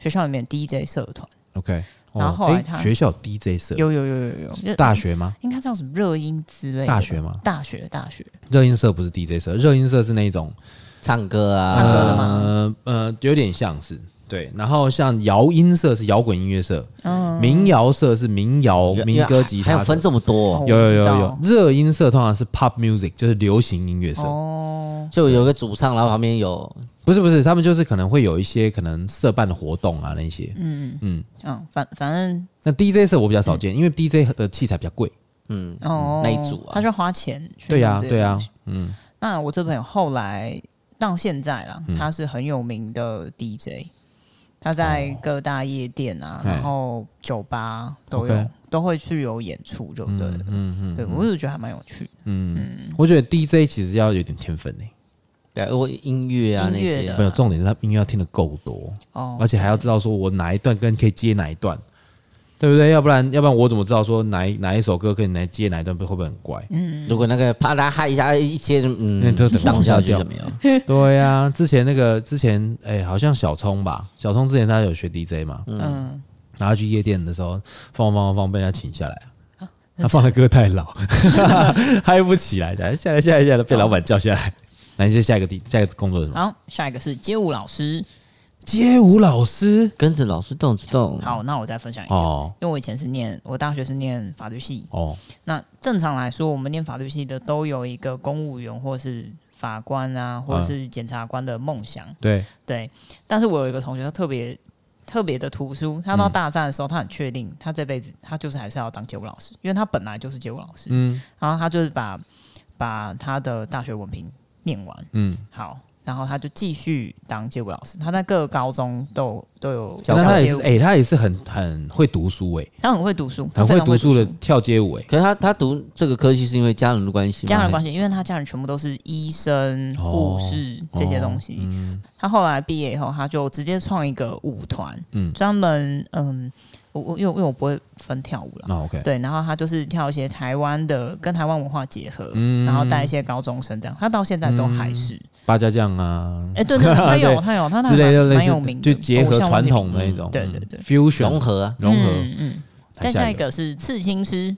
學校裡面 DJ 社團，OK。然後，後來他，哦欸、學校有 DJ 社，有有有有有，有大學嗎？應該叫什麼熱音之類？大學嗎？大學大學熱音社不是 DJ 社，熱音社是那種唱歌啊，唱歌的嗎？呃呃，有點像是。對，然後像搖音社是搖滾音樂社，嗯，民謠社是民謠民歌吉他，還有分這麼多、啊嗯哦？有有有有，熱音社通常是 pop music，就是流行音樂社，哦，就有個主唱，嗯、然後旁邊有，不是不是，他們就是可能會有一些可能社辦的活動啊那些，嗯嗯嗯，反反正那 DJ 社我比較少見，嗯、因為 DJ 的器材比較貴，嗯，嗯哦嗯，那一組啊？他是花錢去買，對呀、啊、對呀、啊，嗯，那我這朋友後來到現在了、嗯，他是很有名的 DJ。他在各大夜店啊，哦、然後酒吧都有，都會去有演出，就對。嗯嗯，嗯，嗯，對我就覺得還蠻有趣的嗯。嗯，我覺得 DJ 其實要有點天分誒、欸，對、啊，如果音樂啊那些啊，沒有重點是他音樂要聽得夠多，哦，而且還要知道說我哪一段跟可以接哪一段。對不對？要不然，要不然我怎麼知道說哪一哪一首歌可以來接哪一段，會不會很怪？嗯，如果那個啪啦嗨一下，一些嗯，嗯就等下去怎麼樣？對呀、啊，之前那個之前哎、欸，好像小聰吧，小聰之前他有學 DJ 嘛，嗯，然後去夜店的時候放放放，放，被人家請下來、嗯、他放的歌太老，啊、 嗨不起來的，下來下，來下來，被老闆叫下來，那、哦、接下一個第下一個工作是什麼？好，下一個是街舞老師。街舞老師跟着老師動一動。好，那我再分享一個，哦、因為我以前是念我大學是念法律系。哦，那正常來說，我們念法律系的都有一個公務員或是法官啊，或者是檢察官的夢想。啊、對對，但是我有一個同學，他特別特別的突出。他到大三的時候，他很確定他這輩子他就是還是要當街舞老師，因為他本來就是街舞老師。嗯，然後他就是把把他的大學文憑念完。嗯，好。然後他就繼續當街舞老師，他在各個高中都有都有教、欸。他也是他也是很很會讀書誒、欸，他很會讀書，很會讀書的跳街舞誒、欸。可是他他讀這個科系是因為家人的關係，家人的關係，因為他家人全部都是醫生、護、哦、士這些東西、哦哦嗯。他後來畢業以後，他就直接創一個舞團，嗯，專門嗯，我我因為因為我不會分跳舞了、哦、，OK。對，然後他就是跳一些台灣的，跟台灣文化結合，嗯、然後帶一些高中生這樣。他到現在都還是。嗯八家將啊，哎、欸、對，對對，他有他有，他那個蠻有名的，就結合傳統的那、種、統的那種，對對對 Fusion, 融合，啊、融合。嗯，嗯下再下一個是刺青師，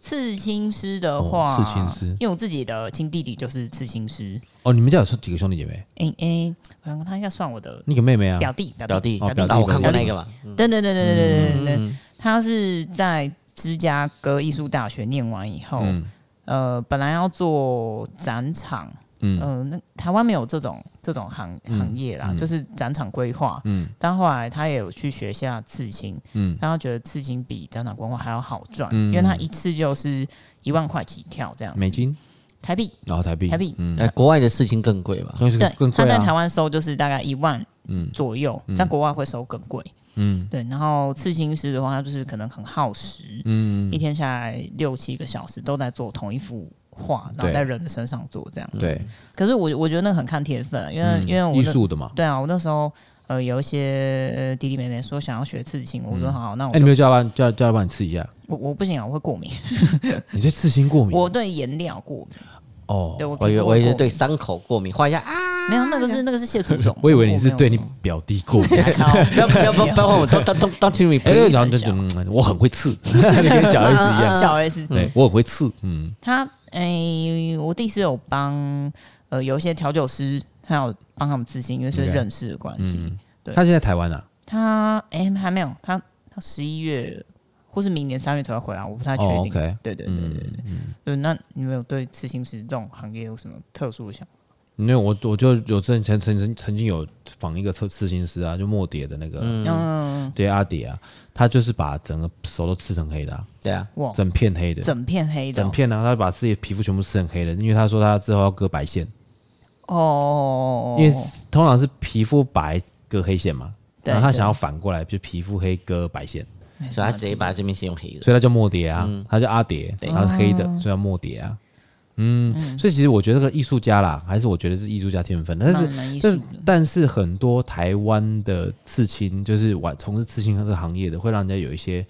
刺青師的話，哦、刺青師，因為我自己的親弟弟就是刺青師。哦，你們家有是幾個兄弟姐妹？哎、欸、哎，好、欸、像他要算我的那個妹妹啊，表弟表弟、哦、表弟、表弟、哦，我看過那個吧。對對對對對對對對，他是在芝加哥藝術大學念完以後、嗯，呃，本來要做展場。嗯，那、呃、台灣沒有這種這種行行業啦、嗯嗯，就是展場規劃。嗯，但後來他也有去學下刺青，嗯，但他覺得刺青比展場規劃還要好賺、嗯，因為他一次就是一萬塊起跳這樣。美金？台幣？然後台幣？台幣？哎、嗯，國外的刺青更貴吧？嗯、對、更貴啊，他在台灣收就是大概一萬，左右、嗯，在國外會收更貴。嗯，對。然後刺青師的話，他就是可能很耗時，嗯，一天下來六七個小時都在做同一幅畫，然後在人的身上做這樣。對，可是我我覺得那個很看天分，因為、嗯、因為我藝術的嘛。對啊，我那時候呃有一些弟弟妹妹說想要學刺青，我說好，好，那我你沒有叫他幫叫他幫你刺一下？我我不行，我會過敏。 你對刺青過敏？我對顏料過敏。哦、喔，對我，我以為我以為對傷口過敏。畫一下啊，沒有那個是那個是謝楚總。 我以為你是對你表弟過敏 沒有沒有不。不要不要不要不要！我當當當當球迷。哎，我很會刺，跟 小 S 一樣。小、嗯、S、嗯、對、嗯，我很會刺。嗯，他。哎、欸，我弟是有幫，呃，有一些調酒師，他有幫他們刺青，因為是認識的關係、okay. 嗯。對，他現在台灣啊，他哎、欸、還沒有，他他十一月或是明年三月才回來，我不太確定。Oh, okay. 對對對對對、嗯嗯、對，那你有沒有對刺青師這種行業有什麼特殊的想法？沒有，我我就有之前曾曾、曾經有訪一個刺刺青師啊，就墨蝶的那個，嗯、對阿蝶啊，他就是把整個手都刺成黑的，啊，對啊，整片黑的，整片黑的，整片啊，他就把自己皮膚全部刺成黑的，因為他說他之後要割白線，哦，因為通常是皮膚白割黑線嘛，對，然後他想要反過來，就皮膚黑割白線，所以他直接把他這邊線用黑的，所以他叫墨蝶啊，嗯，他叫阿蝶，他是黑的，嗯，所以叫墨蝶啊。嗯，嗯，所以其實我覺得這個藝術家啦，還是我覺得是藝術家天分，但是，但是，但是很多台灣的刺青，就是玩從事刺青這個行業的，會讓人家有一些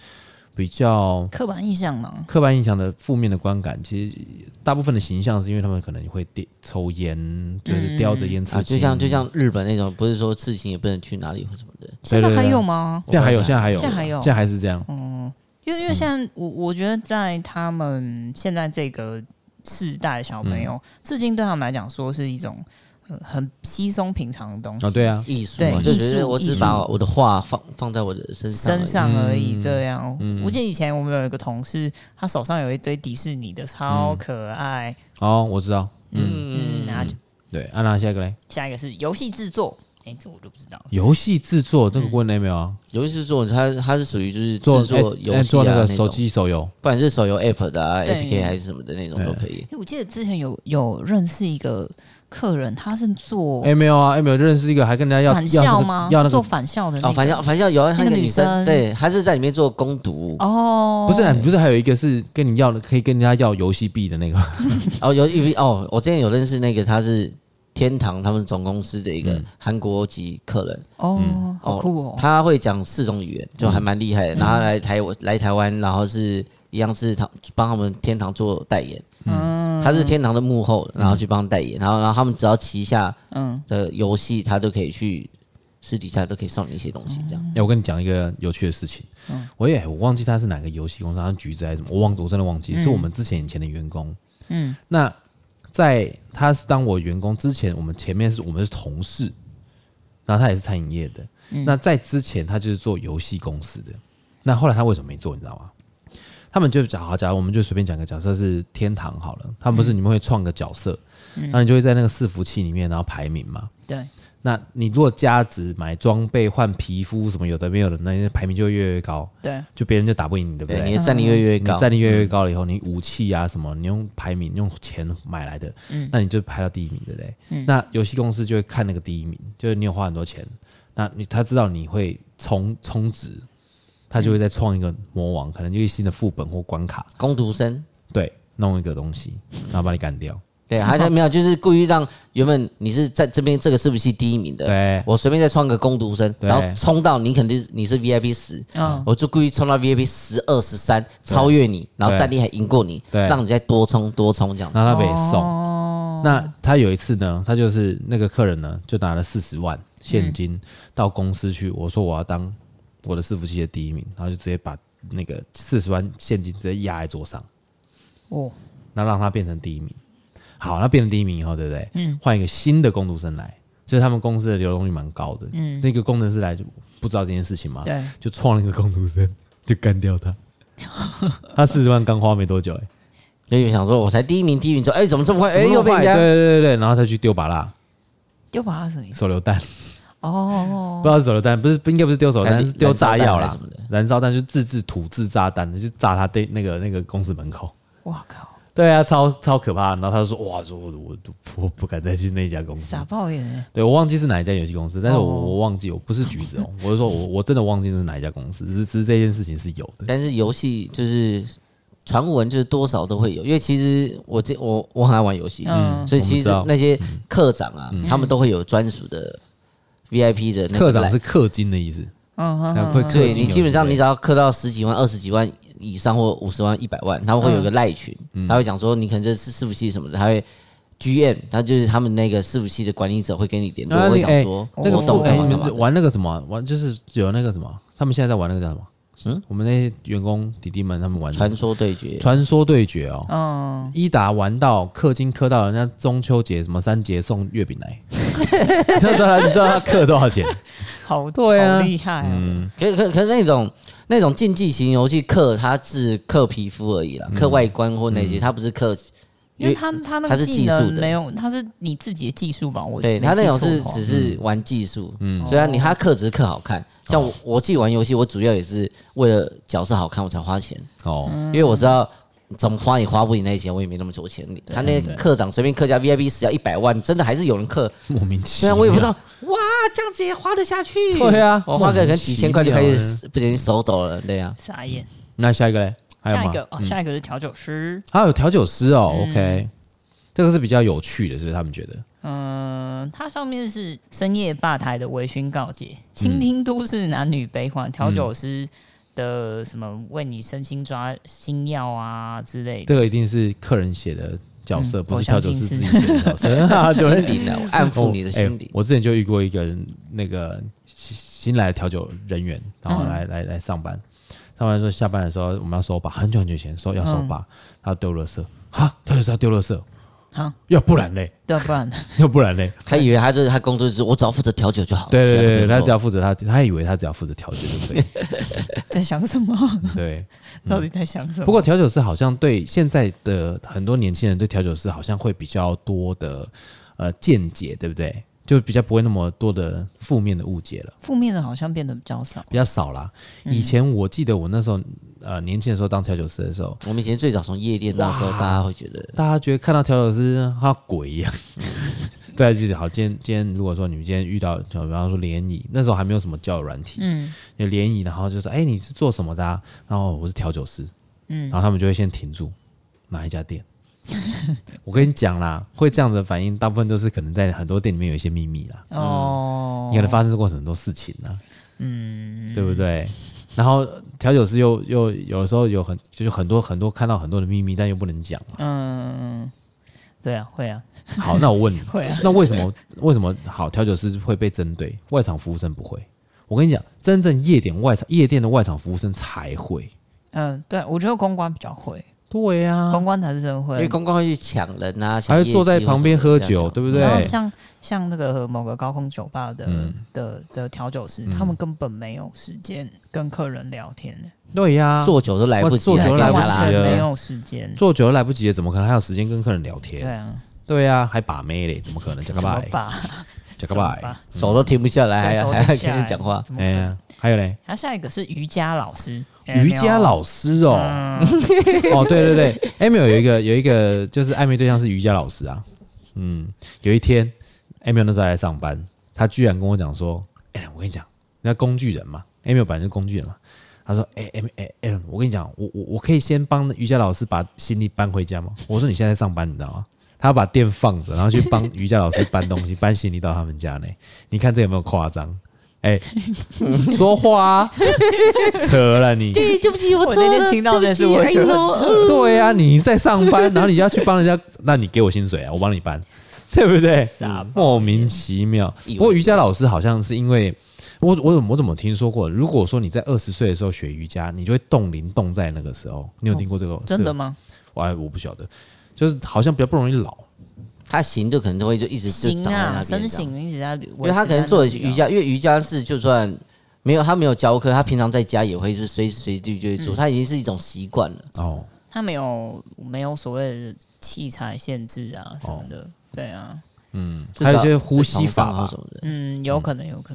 比較刻板印象嘛？刻板印象的負面的觀感，其實大部分的形象是因為他們可能會點抽菸，就是叼着菸刺青、嗯。啊，就像就像日本那種，不是說刺青也不能去哪裡或什麼的。現在還有嗎？現在還有，現在還有，現在還有，現在還有，現在還是這樣。嗯，因為因為現在我我覺得在他們現在這個。世代小朋友、嗯，刺青對他們來講，說是一種、呃、很稀鬆平常的東西。啊對啊，藝術，對，對，對，就是我只把我的畫放放在我的身上身上而已。嗯、這樣、嗯，我記得以前我們有一個同事，他手上有一堆迪士尼的，超可愛。嗯、哦，我知道，嗯，嗯那就、嗯、對。按、啊、下一個嘞？下一個是遊戲製作。哎、欸，這我就不知道。遊戲製作、嗯，這個問哎沒有、啊？遊戲製作，它它是屬於就是製作遊戲啊做那個手手那種，手機手遊，不管是手遊 App 的啊 APK 還是什麼的那種都可以、欸。我記得之前有有認識一個客人，他是做哎沒有啊哎沒有認識一個，還跟人家要要嗎？要、那個要那個、是做返校的、那個、哦，返返校返校有他那個那個女生，對，還是在裡面做工讀哦、oh, 啊。不是，不是，還有一個是跟你要可以跟人家要遊戲幣的那個 哦，遊戲幣哦，我之前有認識那個他是。天堂他們總公司的一個韓國籍客人。嗯哦，嗯、哦，好酷哦！他會講四種語言，就還蠻厲害的。嗯。然後來台來台灣，然後是一樣是他幫他們天堂做代言。嗯，他是天堂的幕後，然後去幫代言。然、嗯、後，然後他們只要旗下的嗯的遊戲，他都可以去私底下都可以送你一些東西。這樣，要、嗯嗯、我跟你講一個有趣的事情。嗯，我也我忘記他是哪個遊戲公司，好像橘子還是什麼，我忘，我真的忘記、嗯。是我們之前以前的員工。嗯，那。在他是當我員工之前，我們前面是我們是同事，然後他也是餐飲業的、嗯。那在之前他就是做遊戲公司的。那後來他為什麼沒做？你知道嗎？他們就講好，假如我們就隨便講個角色，是天堂好了。他們不是你們會創個角色、嗯，然後你就會在那個伺服器裡面然後排名嘛？嗯、對。那你如果加值買裝備換皮膚什麼有的沒有的，那些排名就會越來越高。對，就別人就打不贏你，對不對？對，你的戰力越來越高，嗯、你戰力越來越高了以後，你武器啊什麼，你用排名、嗯、用錢買來的，那你就排到第一名，對不對？嗯、那遊戲公司就會看那個第一名，就是你有花很多錢，那你他知道你會充充值，他就會再創一個魔王，可能就是新的副本或關卡。工讀生對，弄一個東西，然後把你幹掉。 對，還在沒有，就是故意讓原本你是在這邊這個伺服器第一名的，對，我隨便再創個工讀生，對，然後衝到你肯定你是 VIP 十，嗯，我就故意衝到 VIP 十二十三，超越你，然後戰力還贏過你，對，讓你再多衝多衝這樣子，那他被送、哦。那他有一次呢，他就是那個客人呢，就拿了四十萬現金到公司去，嗯、我說我要當我的伺服器的第一名，然後就直接把那個四十萬現金直接壓在桌上，哦，那讓他變成第一名。好，那變成第一名以後，對不對？嗯。換一個新的工讀生來，所、就、以、是、他們公司的流動率蠻高的。嗯。那個工程師來就不知道這件事情嘛？對。就創了一個工讀生，就幹掉他。 他四十萬剛花沒多久哎、欸。所以想說，我才第一名，第一名就哎、欸，怎麼這麼快？哎、欸，又被人家。對對對對，然後他去丟把蠟。丟把蠟什麼意思？手榴彈。哦。不知道是手榴彈，不是不應該不是丟手榴彈，是丟炸藥啦。燃燒什麼？燃燒彈就自制土制炸彈，就炸他對那個那個公司門口。哇靠。對啊，超超可怕。然後他就說：“哇，說我我我不，我不敢再去那家公司。”傻爆眼。對，我忘記是哪一家遊戲公司，但是我、哦、我忘記我不是橘子，我是說我我真的忘記是哪一家公司，只是只是這件事情是有的。但是遊戲就是傳聞，就是多少都會有。因為其實我這我我很愛玩遊戲，嗯，所以其實那些課長啊、嗯，他們都會有專屬的 VIP 的那。課長是課金的意思。嗯、哦、哼，對，你基本上你只要課到十幾萬、二十幾萬。以上或五十萬一百萬，他們會有一個賴群，他、嗯嗯、會講說你可能這是伺服器什麼的，他會 GM，他就是他們那個伺服器的管理者會給你點就我會講說嘛，我、嗯、懂、欸那個欸。你們玩那個什麼，玩就是有那個什麼，他們現在在玩那個叫什麼？嗯，我們那些員工弟弟們，他們玩傳說對決，傳說對決、喔、哦，嗯，一打玩到氪金，氪到人家中秋節什麼三節送月餅來，這哈哈，你知道他氪多少錢？ 好多呀，厲、啊、害、啊！嗯，可可可是那種那種競技型遊戲氪，他是氪皮膚而已啦，氪、嗯、外觀或那些，他、嗯、不是氪。因為他他那個技術沒有，他是你自己的技術吧？我,吧我對他那種是只是玩技術，嗯，雖然你他刻只是刻好看，嗯、像我、哦、我自己玩遊戲，我主要也是為了角色好看我才花錢哦，因為我知道怎麼花也花不贏那些錢，我也沒那麼多錢、嗯。他那課長隨便刻家 VIP 只要一百萬，真的還是有人刻莫名其妙，對啊，我也不知道哇，這樣子也花得下去？對啊，我花個可能幾千塊就開始不頂手抖了，對啊，傻眼、啊。那下一個嘞？下一個、哎、嗯、哦，下一個是調酒師，他、啊、有調酒師哦。嗯、OK，這個是比較有趣的，是，不是他們覺得。嗯、呃，它上面是深夜吧台的微醺告解，傾聽都市男女悲歡，調酒師的什麼為你身心抓心藥啊之類的、嗯。這個一定是客人寫的角色，嗯、是不是調酒師自己寫的角色就、嗯、是你、 啊，的，我 安撫你的心理、哦欸。我之前就遇過一個那個新來的調酒人員，然後來、嗯、來來、來上班。他們說下班的時候，我們要收吧，很久很久以前說要收吧，嗯，他丟垃圾啊，他說他丟垃圾要、嗯、不然嘞，對、嗯，不然要、嗯、不然嘞，他以為他是他工作就是，我只要負責調酒就好，對對對，他只要負責他，他以為他只要負責調酒就可以，對對 在想什麼？對、嗯，到底在想什麼？不過調酒師好像對現在的很多年輕人對調酒師好像會比較多的呃見解，對不對？就比較不會那麼多的負面的誤解了。負面的好像變得比較少，比較少啦、嗯。以前我記得我那時候，呃，年輕的時候當調酒師的時候，我們以前最早從夜店那時候，大家會覺得，大家覺得看到調酒師好像鬼一樣。大家記得好，今天今天如果說你們今天遇到，就比方說聯誼，那時候還沒有什麼交友軟體，嗯，有聯誼，然後就說，哎、欸，你是做什麼的、啊？然後我是調酒師，嗯，然後他們就會先停住，哪一家店？ 我跟你講啦，會這樣子的反應，大部分都是可能在很多店裡面有一些秘密啦。哦，你可能發生過很多事情呢、哦。嗯，對不對？然後調酒師又又有的時候有很就是很多很多看到很多的秘密，但又不能講。嗯，對啊，會啊。好，那我問你， 會、啊、那為什麼 為什麼好調酒師會被針對，外場服務生不會？我跟你講，真正夜店外場夜店的外場服務生才會。嗯、呃，對我覺得公關比較會。對呀、啊，公關才是真會，因為公關要去搶人啊會會，還要坐在旁邊喝酒，對不對？像像那個某個高空酒吧的、嗯、的調酒師、嗯，他們根本沒有時間跟客人聊天。對呀、啊，做酒都來不及，沒有時間，做酒都來不及，來不及，怎麼可能還有時間跟客人聊天？對啊，對啊，還把妹嘞？怎麼可能？這個拜，這個拜，手都停不下來，嗯、還來還跟你講話？哎呀！還有嘞，他下一個是瑜伽老師，瑜伽老師哦、喔嗯，哦，對對對，Emil 有一個有一個就是曖昧對象是瑜伽老師啊，嗯，有一天 Emil 那時候還在上班，他居然跟我講說，Emil、欸、我跟你講，那工具人嘛，Emil 本來是工具人嘛，他說，哎，Emil，欸我跟你講，我我我可以先幫瑜伽老師把行李搬回家嗎？我說你現在在上班，你知道嗎？他要把店放着，然後去幫瑜伽老師搬東西， 搬行李到他們家呢。你看這有沒有誇張？哎、欸，你說話啊，扯了你。對，對不起，我昨天聽到的是我覺得對啊，你在上班，然後你要去幫人家，那你給我薪水啊？我幫你搬，對不對？莫名其妙。不過瑜伽老師好像是因為，我我怎麼我怎麼聽說過？如果說你在二十歲的時候學瑜伽，你就會凍齡凍在那個時候。你有聽過這個？哦，真的嗎？還、這個……我不曉得，就是好像比較不容易老。他行就可能都會就一直就長在那邊，因為他可能是做的瑜伽，因為瑜伽是就算沒有他沒有教課，他平常在家也會是隨時隨地就會做，他已經是一種習慣了哦。他沒有沒有所謂的器材限制啊什麼的，對啊，嗯，還有就是呼吸法啊什麼的，嗯，有可能，有可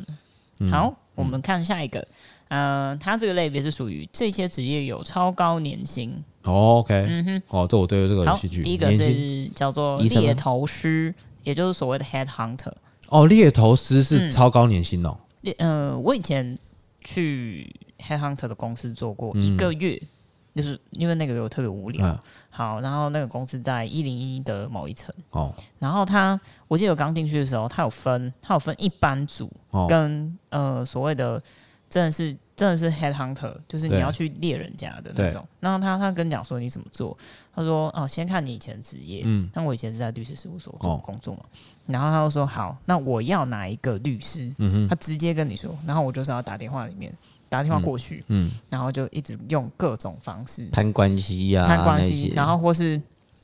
能。好，我們看下一個，呃，他這個類別是屬於這些職業有超高年薪。OK，哦，這、okay 嗯哦、我對這個有興趣。第一個是叫做獵頭師，也就是所謂的 Head Hunter。哦，獵頭師是超高年薪哦。嗯、呃，我以前去 Head Hunter 的公司做過一個月，嗯、就是因為那個月我特別無聊、嗯。好，然後那個公司在一零一的某一層哦，然後他我記得我剛進去的時候，他有分，他有分一般組跟、哦、呃所謂的。真的是，真的是 head hunter，就是你要去獵人家的那種。對對，然後他他跟你講說你怎麼做，他說哦，先看你以前職業，嗯，那我以前是在律師事務所做工作嘛、哦，然後他就說好，那我要哪一個律師，嗯哼，他直接跟你說，然後我就是要打電話裡面打電話過去嗯，嗯，然後就一直用各種方式攀關係呀、啊，攀關係，然後或是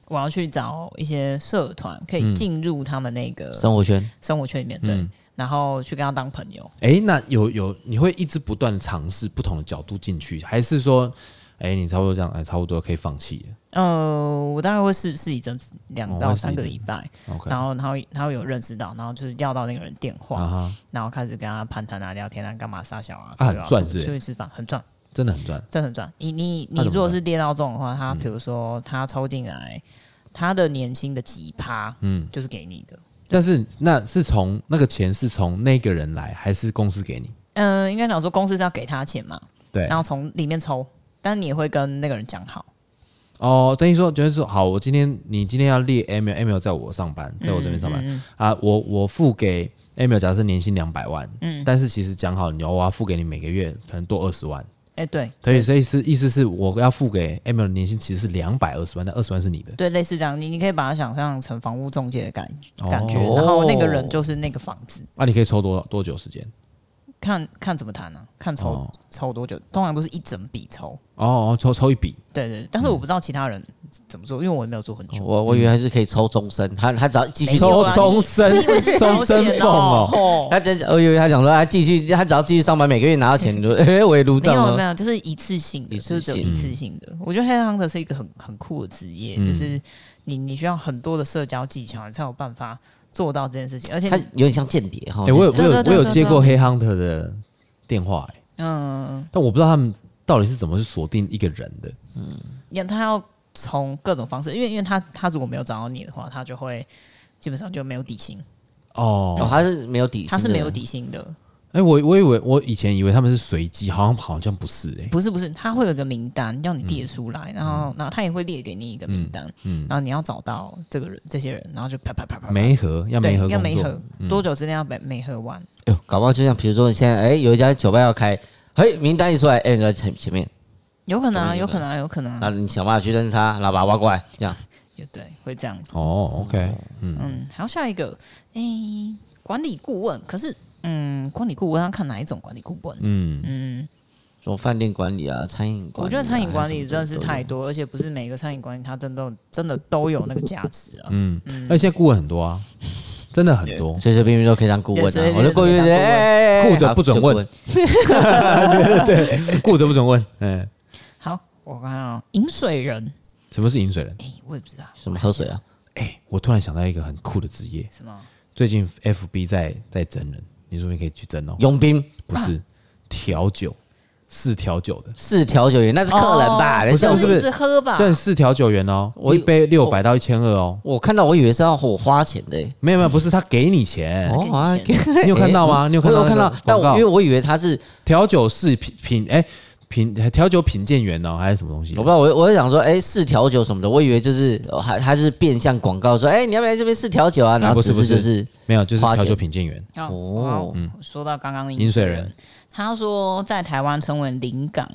我要去找一些社團可以進入他們那個生活圈，生活圈裡面，對。然後去跟他當朋友。哎、欸，那有有，你會一直不斷嘗試不同的角度進去，還是說，哎、欸，你差不多這樣，哎、欸，差不多可以放棄了？呃，我大概會試試一陣兩到三個禮拜，哦 okay. 然後，然後，他會他會有認識到，然後就是要到那個人電話，uh -huh. 然後開始跟他攀談啊，聊天啊，幹嘛撒小啊，啊對很出去吃飯很賺，真的很賺，真的很賺。你你你，啊、你如果是跌到這種的話，他比如說、嗯、他抽進來，他的年輕的幾%，嗯，就是給你的。嗯但是那是從那個錢是從那個人來還是公司給你？嗯、呃，應該講說公司是要給他錢嘛。對，然後從裡面抽，但你也會跟那個人講好。哦，等於說，就是說，好，我今天你今天要列 e m i l e m i l 在我上班，在我這邊上班。嗯嗯嗯啊，我我付給 e m i l 假設年薪兩百萬，嗯，但是其實講好我要，付給你每個月可能多二十萬。哎、欸，對，所以所以是意思是，我要付給 M 的年薪其實是兩百二十萬，那二十萬是你的。對，類似這樣，你你可以把它想象成房屋中介的感感覺、哦，然後那個人就是那個房子。那、哦啊、你可以抽多多久時間？看看怎麼談呢、啊？看抽、oh. 抽多久？通常都是一整筆抽。哦、oh，抽抽一筆。對，對對，但是我不知道其他人怎麼做，嗯、因為我也沒有做很久。我我以為還是可以抽終身，他他只要繼續抽終身，以為是終身的哦。 鳳喔、 他在，我以為他講說他繼續，他只要繼續上班，每個月拿到錢就哎，嗯、 我也入賬、啊。沒有沒有，就是一次性的，就是只有一次性的。嗯、我覺得 Headhunter 是一個很很酷的職業、嗯，就是你你需要很多的社交技巧，你才有辦法。做到這件事情，而且他有點像間諜哈。我有我有我有接過黑 hunter 的電話、欸、嗯，但我不知道他們到底是怎麼去鎖定一個人的。嗯，因為他要從各種方式，因為因為他他如果沒有找到你的話，他就會基本上就沒有底薪哦，他、嗯哦、是沒有底，他是沒有底薪的。哎、欸，我我以為我以前以為他們是隨機，好像好像不是哎、欸，不是不是，他會有個名單要你列出來，嗯、然後那他也會列給你一個名單，嗯，嗯然後你要找到這個人這些人，然後就啪啪啪啪，啪，沒合要沒合，要沒合多久之內要沒沒合完，哎、嗯欸，搞不好就像比如說你現在哎、欸，有一家酒吧要開，嘿、欸，名單一出來哎、欸，你在前前面，有可能啊有可能啊有可能啊，有可能啊。那你想辦法去認識他，然後把他挖過來這樣，也對會這樣子哦，OK，嗯嗯，還下一個哎、欸，管理顧問可是。嗯，管理顧問要看哪一種管理顧問？嗯嗯，什麼飯店管理啊，餐飲管理、啊？我覺得餐飲管、啊、管理真的是太多，而且不是每個餐飲管理他真的真的都有那個價值啊。嗯嗯，那現在顧問很多啊，真的很多，隨隨便便都可以當顧問啊。我就過顧問，顧、欸、着不准問。顧着 不准問。嗯， 好，我看啊、喔，飲水人，什麼是飲水人？哎、欸，我也不知道什麼喝水啊。哎、欸，我突然想到一個很酷的職業，什麼？最近 FB 在在整人。你說你可以去爭哦、喔，傭兵不是調酒，是調酒的，是、啊、調酒員，那是客人吧？哦、人家不是，是，一直我是不是喝吧？這是調酒員哦、喔，我一杯六百到一千二哦。我看到，我以為是要我花錢的、欸嗯，沒有沒有，不是他給你錢、哦啊給給，你有看到嗎？欸、你有看到？我看到，但我因為我以為他是調酒是品品品調酒品鑑員呢，還是什麼東西？我不知道，我我是想說，哎、欸，試調酒什麼的，我以為就是還還是變相廣告，說，哎、欸，你要不要來這邊試調酒啊？然後是，啊不是不是就是沒有，就是調酒品鑑員哦。說到剛剛引水人，他說在台灣稱為領港。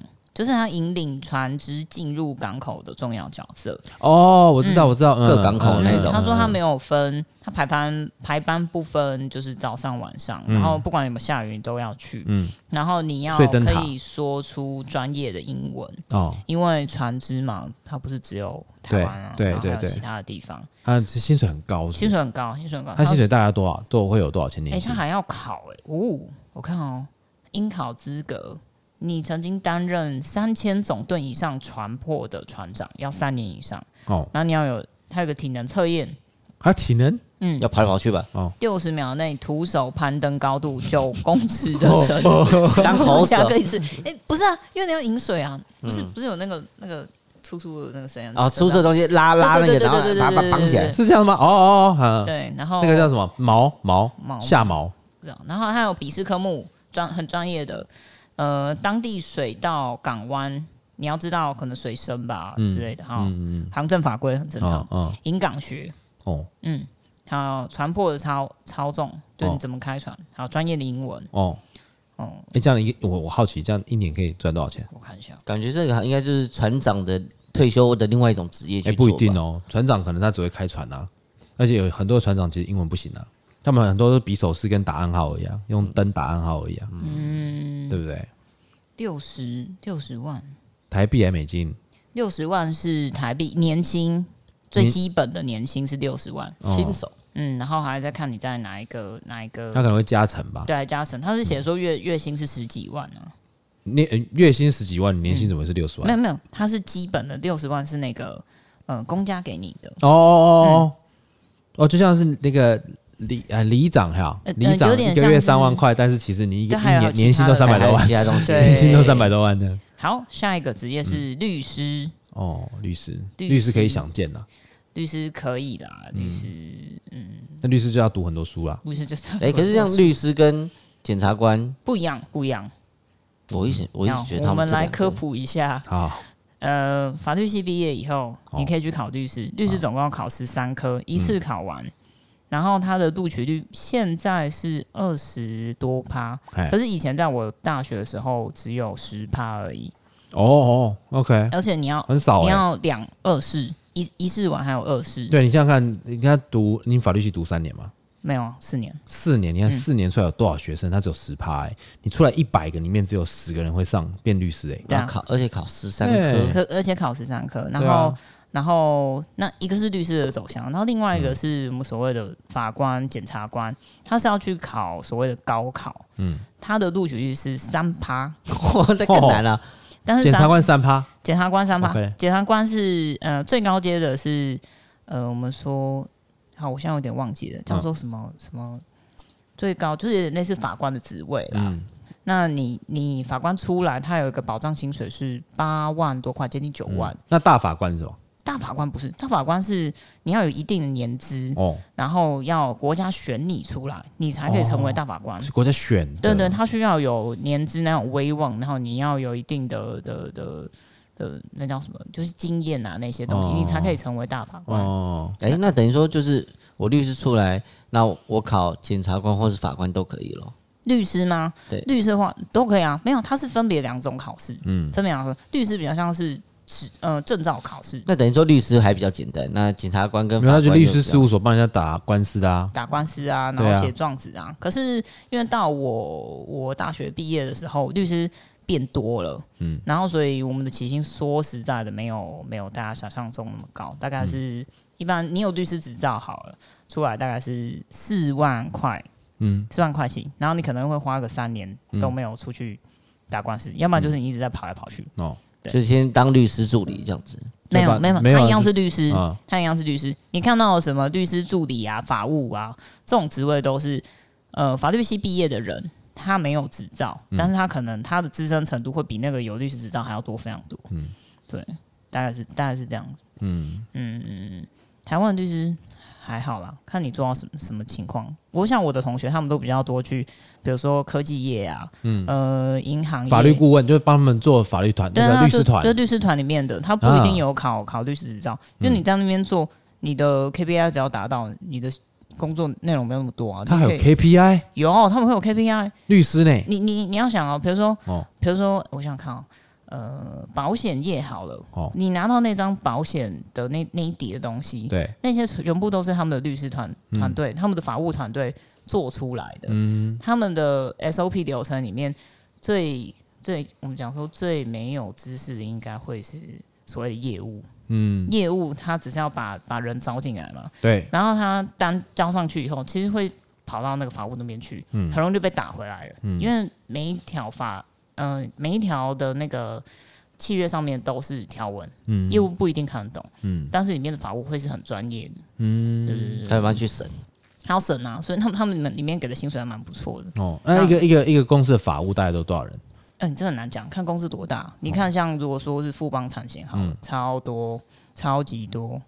就是他引領船隻進入港口的重要角色哦，我知道，嗯、我知道、嗯、各港口那種、嗯嗯嗯。他說他沒有分，嗯、他排班排班不分，就是早上晚上、嗯，然後不管有沒有下雨你都要去。嗯，然後你要可以說出專業的英文哦，因為船隻嘛，它不是只有台灣啊，對，對，對，對，然後還有其他的地方。對對對，他薪水很高是是，薪水很高，薪水很高。他薪水大概多少？多會有多少錢？哎、欸，他還要考哎，哦，我看哦，應考資格。你曾經擔任三千總噸以上船舶的船長，要三年以上哦。然後你要有，他有一個體能測驗，他、啊、體能，嗯，要爬上去吧？哦，六十秒內徒手攀登高度九公尺的繩子，哦哦、當是下個一次。哎、欸，不是啊，因為你要引水啊，不是，嗯、不是有那個那個粗粗的那個繩子啊，粗粗，哦、的東西拉拉，對對對那個，然後把把綁起來對對對對對對，是這樣嗎？哦哦，哦、嗯，對，然後那個叫什麼毛毛毛下毛，啊，然後還有筆試科目，專很專業的。呃，當地水道、港灣，你要知道可能水深吧，嗯、之類的哈、哦。嗯嗯，行政法規很正常。嗯、哦。引、哦、港學。哦。嗯。好，船舶的操操縱，對，哦、你怎麼開船？還有專業的英文。哦哦。哎、欸，這樣一個，我我好奇，這樣一年可以賺多少錢？我看一下。感覺這個應該就是船長的退休的另外一種職業去做、欸、不一定哦，船長可能他只會開船吶、啊，而且有很多船長其實英文不行啊。他們很多都是比手勢，跟打暗號一樣，用燈打暗號一樣嗯，嗯，對不對？六十六十萬台幣還美金，六十萬是台幣年薪，最基本的年薪是六十萬，哦，新手，嗯，然後還在看你在哪一個哪一個，他可能會加成吧？對，加成，他是寫說月、嗯、月薪是十幾萬啊，年、嗯、月薪十幾萬，年薪怎麼是六十萬？沒、嗯、有沒有，他是基本的六十萬是那個呃公家給你的哦哦哦哦，嗯、哦，就像是那個。里啊，里長還好，有、呃、一個月三萬塊、呃呃，但是其實你一個年年薪都三百多萬，其他東西年薪都三百多萬，好，下一個職業是律師、嗯、哦，律師律師，律師可以想見的、啊，律師可以啦，嗯、律師嗯，那律師就要讀很多書啦，律師就是哎，可是像律師跟檢察官不一樣，不一樣。嗯、我一直、嗯、我一直覺得們我們來科普一下好、哦，呃，法律系畢業以後，你可以去考律師，哦、律師總共要考十三科，一次考完。嗯然後他的錄取率現在是二十多趴，可是以前在我大學的時候只有十趴而已。哦哦，OK。而且你要很少，你要兩二試，一一試完還有二試。對你這樣看，你看讀你法律系讀三年嗎？沒有，四年。四年，你看四年出來有多少學生？他只有十趴、欸，你出來一百個裡面只有十個人會上變律師誒、欸，要、啊、考，而且考十三科，科、欸、而且考十三科，然後。然後那一個是律師的走向，然後另外一個是我們所謂的法官、嗯、檢察官，他是要去考所謂的高考，嗯，他的錄取率是三趴，哇、哦、這更難了、啊哦。但是檢察官三趴，檢察官三趴、okay，檢察官是呃最高階的是呃我們說好，我現在有點忘記了叫做什麼、嗯、什麼最高就是類似法官的職位啦。嗯、那你你法官出來，他有一個保障薪水是八萬多塊，接近九萬、嗯。那大法官是吧？大法官不是，大法官是你要有一定的年資，哦、oh.，然後要國家選你出來，你才可以成為大法官。Oh. 是國家選的，對，對對，他需要有年資那種威望，然後你要有一定的的的的那叫什麼，就是經驗啊那些東西，oh. 你才可以成為大法官。哦、oh. oh. oh.，哎、欸，那等於說就是我律師出來，那我，我考檢察官或是法官都可以咯。律師嗎？對，律師的話都可以啊，沒有，它是分別兩種考試，嗯，分別兩種。律師比較像是。是，嗯，證照考試。那等於說律師還比較簡單。那檢察官跟他去律師事務所幫人家打官司的啊，打官司啊，然後寫狀紙啊，啊。可是因為到我我大學畢業的時候，律師變多了，嗯，然後所以我們的起薪說實在的沒有沒有大家想象中那麼高，大概是一般你有律師執照好了出來大概是四萬塊，嗯，四萬塊錢，然後你可能會花個三年都沒有出去打官司，嗯，要不然就是你一直在跑來跑去哦。就先當律師助理這樣子，沒有沒有，他一樣是律師，哦，他一樣是律師。你看到什麼律師助理啊、法務啊這種職位，都是呃法律系畢業的人，他沒有執照，嗯，但是他可能他的資深程度會比那個有律師執照還要多非常多。嗯，對，大概是大概是這樣子。嗯嗯，台灣的律師。還好啦，看你做到什麼什麼情況。我想我的同學他們都比較多去，比如說科技業啊，嗯，呃，銀行業、法律顧問，就幫他們做法律團對、啊、律師團，對律師團裡面的，他不一定有考、啊、考律師執照，因為你在那邊做，你的 KPI 只要達到，你的工作內容沒有那麼多啊。他還有 KPI？有哦，他們會有 KPI。律師呢？你你你要想哦，比如說，哦、比如說，我想看哦。呃，保險業好了，Oh. 你拿到那張保險的那那一疊的東西，對，那些全部都是他們的律師團團隊，他們的法務團隊做出來的。嗯，他們的 SOP 流程裡面最最，我們講說最沒有知識的應該會是所謂的業務。嗯，業務他只是要把把人招進來嘛。對，然後他單交上去以後，其實會跑到那個法務那邊去，嗯，很容易就被打回來了，嗯，因為每一條法。嗯、呃，每一條的那個契約上面都是條文，嗯，業務不一定看得懂，嗯，但是裡面的法務會是很專業的，嗯，就是、他有辦法去審、啊，他要審啊，所以他們他們裡面給的薪水還蠻不錯的哦。那一個一個一個公司的法務大概都多少人？嗯、欸，這很難講，看公司多大。哦、你看，像如果說是富邦產險，哈、嗯，超多，超級多，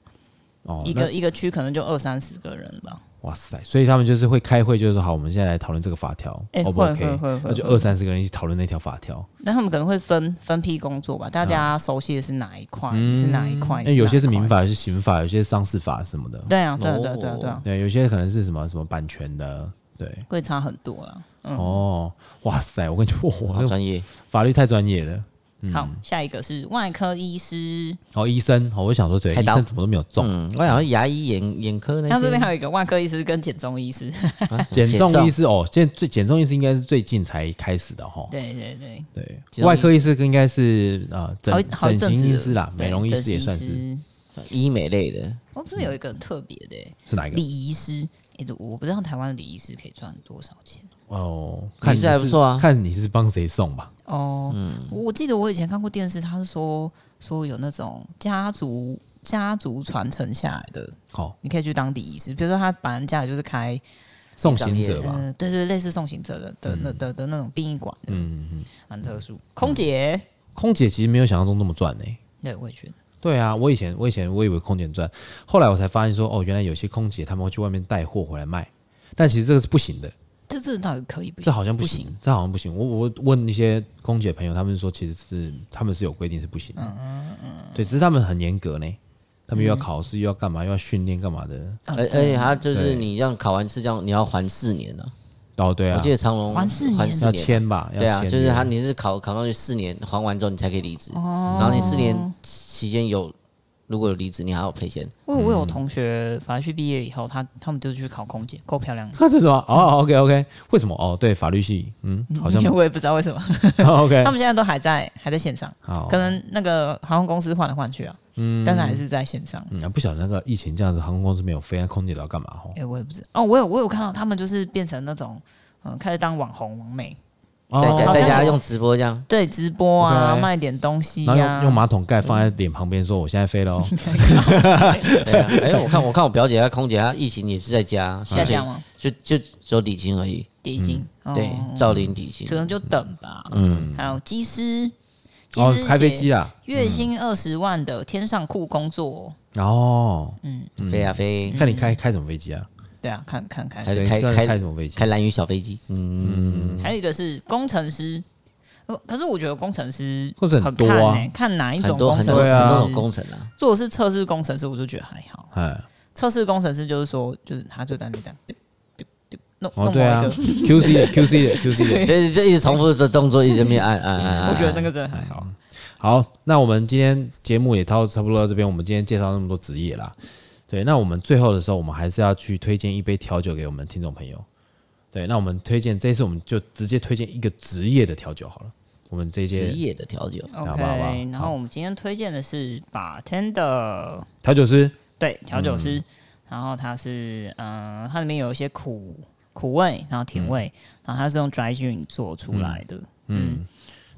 哦、一個一個區可能就二三十個人吧。哇塞！所以他們就是會開會，就是說好，我們現在來討論這個法條，O 不 O K？那就二三十個人一起討論那條法條。那他們可能會分分批工作吧？大家熟悉的是哪一塊、嗯？是哪一塊？那、欸欸、有些是民法，有些是刑法，、欸、法，有些是商事法什麼的。對啊，對啊對、啊、對、啊、對、啊、對。啊。有些可能是什麼什麼版權的，對，會差很多了、嗯。哦，哇塞！我感覺哇，好專業，法律太專業了。好，下一個是外科醫師。好、哦、醫生，好、哦，我想說這個醫生怎麼都沒有中。嗯、我想說牙醫眼、眼眼科、那些。他這邊還有一個外科醫師跟減重醫師。減、啊、重醫師簡中哦，現在最減重醫師應該是最近才開始的哈、哦。對對對對，對外科醫師應該是啊、呃，整整形醫師啦，美容醫師也算是，是醫美類的。哦，這邊有一個很特別的、嗯，是哪一個？禮儀師、欸，我不知道台灣的禮儀師可以賺多少錢？哦，看起來還不錯啊。看你是幫誰送吧。哦、嗯，我記得我以前看過電視，他是說說有那種家族家族傳承下來的，好、哦，你可以去當地醫師。比如說他本來家裡就是開送行者吧，嗯、對對、對，類似送行者的的、嗯、的的、的、的、的那種殯儀館，嗯、嗯、嗯很特殊、嗯。空姐，空姐其實沒有想象中那麼賺呢、欸。對，我也覺得。對啊，我以前我以前我以為空姐賺，後來我才發現說，哦，原來有些空姐他們會去外面帶貨回來賣，但其實這個是不行的。這這倒可以，不行？這好像，不行，不，行，這好像不，行不行，這好像不行。我我問一些空姐朋友，他們說其實是他們是有規定是不行的，嗯嗯嗯對，只是他們很嚴格呢。他們又要考試，嗯嗯又要幹嘛，又要訓練幹嘛的。而而且他就是你這樣考完試，這樣你要還四年呢。哦，對啊，我記得長榮還四年，還四年要簽吧，要簽？對啊，就是他你是考考上去四年，還完之後你才可以離職、嗯。然後你四年期間有。如果有離職，你還要賠錢。我有我有同學法律系畢業以後，他他們就去考空姐，夠漂亮的。他是什麼？哦，OK OK，為什麼？哦，對，法律系，嗯，好像我也不知道為什麼。 哦、OK，他們現在都還在，還在線上。可能那個航空公司換來換去啊，嗯，但是還是在線上。嗯嗯、不曉得那個疫情這樣子，航空公司沒有飛，那空姐要幹嘛？哦、欸，我也不知道。哦，我有我有看到他們就是變成那種，嗯、呃，開始當網紅、網美。在在家用直播這樣對直播啊、okay，賣點東西呀、啊，用馬桶蓋放在臉旁邊說我現在飛了、哦。哎、 啊 啊，欸，我看我看我表姐她空姐她疫情也是在家下降嗎？就就只有底薪而已，底薪、嗯、對，照領底薪，可、嗯、能就等吧。嗯，還有機師，哦，開飛機啊，月薪二十萬的天上酷工作哦嗯，嗯，飛啊飛、嗯，看你開開什麼飛機啊？對啊，看看看，開開開，開什麼飛機？開蘭嶼小飛機、嗯嗯。嗯，還有一個是工程師，可、哦、是我覺得工程師、欸、或者很多、啊，看哪一種工程師，哪種啊？做的是測試工程師，啊、程師我就覺得還好。哎，測試工程師就是說，就是他就在那邊。那那哦弄，對啊，Q C 的，Q C 的，Q C 的，這 這一直重複的動作一直在面按按、 嗯嗯嗯嗯嗯嗯，我覺得那個真的還好。好，那我們今天節目也到差不多到這邊，我們今天介紹那麼多職業啦。對，那我們最後的時候，我們還是要去推薦一杯調酒給我們聽眾朋友。對，那我們推薦這一次我們就直接推薦一個職業的調酒好了。我們這些職業的調酒好好，OK。然後我們今天推薦的是 Bartender 調酒師，對，調酒師。嗯、然後它是，嗯、呃，它裡面有一些苦苦味，然後甜味，嗯、然後它是用 Dry Gin 做出來的。嗯，嗯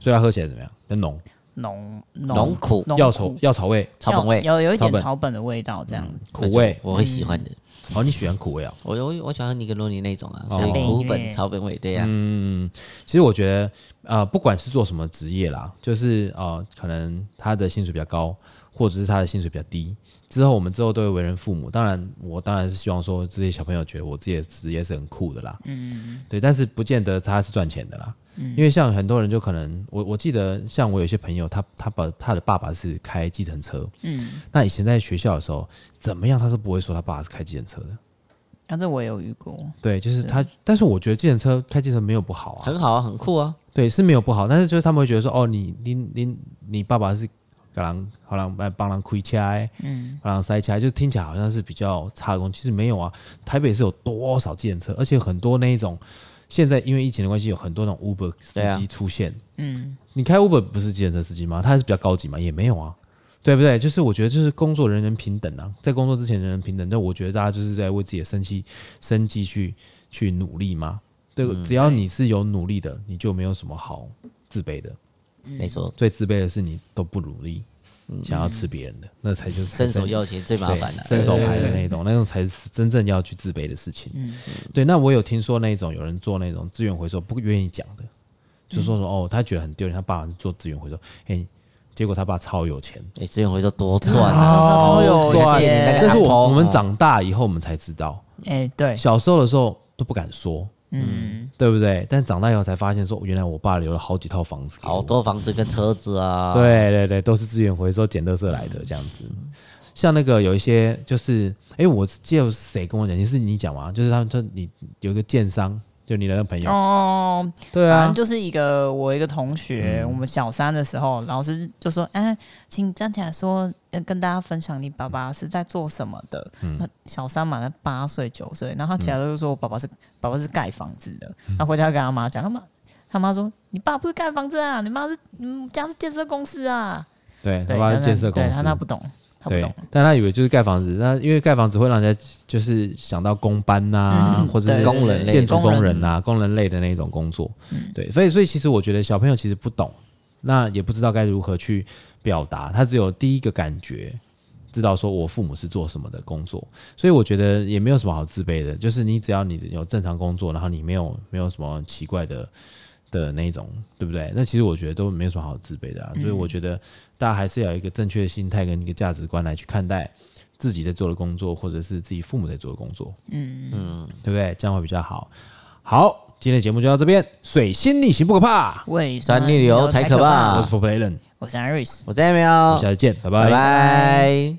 所以它喝起來怎麼樣？很濃。濃濃苦藥草，藥草味草本味有有一點草本的味道，這樣、嗯、苦味我會喜歡的、嗯。哦，你喜歡苦味啊？我我我喜歡尼格羅尼那種啊，哦、所以苦本欸欸草本味對呀、啊。嗯，其實我覺得呃，不管是做什麼職業啦，就是哦、呃，可能他的薪水比較高，或者是他的薪水比較低。之後我們之後都會為人父母，當然我當然是希望說這些小朋友覺得我自己的職業是很酷的啦。嗯。對，但是不見得他是賺錢的啦。嗯、因為像很多人就可能我我記得像我有些朋友他他把他的爸爸是開計程車，嗯，那以前在學校的時候怎麼樣他是不會說他爸爸是開計程車的，反、啊、正我也有遇過，對，就是他，但是我覺得計程車開計程車沒有不好啊，很好啊，很酷啊，對，是沒有不好，但是就是他們會覺得說哦你你你你爸爸是可能好像在幫人虧車，嗯，好像塞車。就聽起來好像是比較差的，其實沒有啊，台北是有多少計程車，而且很多那一種。現在因為疫情的關係，有很多那種 Uber 司機出現，啊。嗯，你開 Uber 不是計程車司機嗎？他是比較高級嘛，也沒有啊，對不對？就是我覺得，就是工作人人平等啊，在工作之前人人平等。但我覺得大家就是在為自己的生計，生計去去努力嘛。對，嗯，只要你是有努力的，你就沒有什麼好自卑的。沒，嗯，錯，最自卑的是你都不努力。想要吃別人的，嗯、那才就是伸手要錢最麻煩的，伸手牌的那種，對對對對，那種才是真正要去自卑的事情。嗯，對。那我有聽說那種有人做那種資源回收，不願意講的，就說說、嗯、哦，他覺得很丟人。他爸爸是做資源回收，哎，結果他爸超有錢，誒、欸，資源回收多賺啊，哦，超有錢。但是我們長大以後，我們才知道，誒、欸，對，小時候的時候都不敢說。嗯，嗯，對不對？但長大以後才發現說，說原來我爸留了好幾套房子，好多房子跟車子啊， 對對對，對，都是資源回收撿垃圾來的、嗯、這樣子。像那個有一些，就是哎，我記得誰跟我講，你是你講嗎？就是他們說你有一個建商。就你的那個朋友哦，oh, 對啊，就是一個我一個同學、嗯，我們小三的時候，老師就說：“哎、欸，請站起來說，跟大家分享你爸爸是在做什麼的。嗯”小三嘛，他八歲九歲，然後他起來就說：“我爸爸是、嗯、爸爸是蓋房子的。”他回家跟他媽講，他媽他媽說：“你爸不是蓋房子啊，你媽是嗯，家是建設公司啊。對司對”對，他是建設公司，他那不懂。對、啊，但他以為就是蓋房子，那因為蓋房子會讓人家就是想到工班吶、啊嗯，或者是工人、建築工人吶、啊、工人類的那種工作。嗯、對，所以所以其實我覺得小朋友其實不懂，那也不知道該如何去表達，他只有第一個感覺，知道說我父母是做什麼的工作，所以我覺得也沒有什麼好自卑的，就是你只要你有正常工作，然後你沒有沒有什麼奇怪的。的那一種，對不對？那其實我覺得都沒有什麼好自卑的啊，嗯、所以我覺得大家還是要有一個正確的心態跟一個價值觀來去看待自己在做的工作，或者是自己父母在做的工作，嗯嗯，對不對？這樣會比較好。好，今天的節目就到這邊，水星逆行不可怕，雙三逆流才可怕。我是 Fourplay Allen，我是艾瑞斯，我是哎沒有，我們下次見，拜拜。拜拜。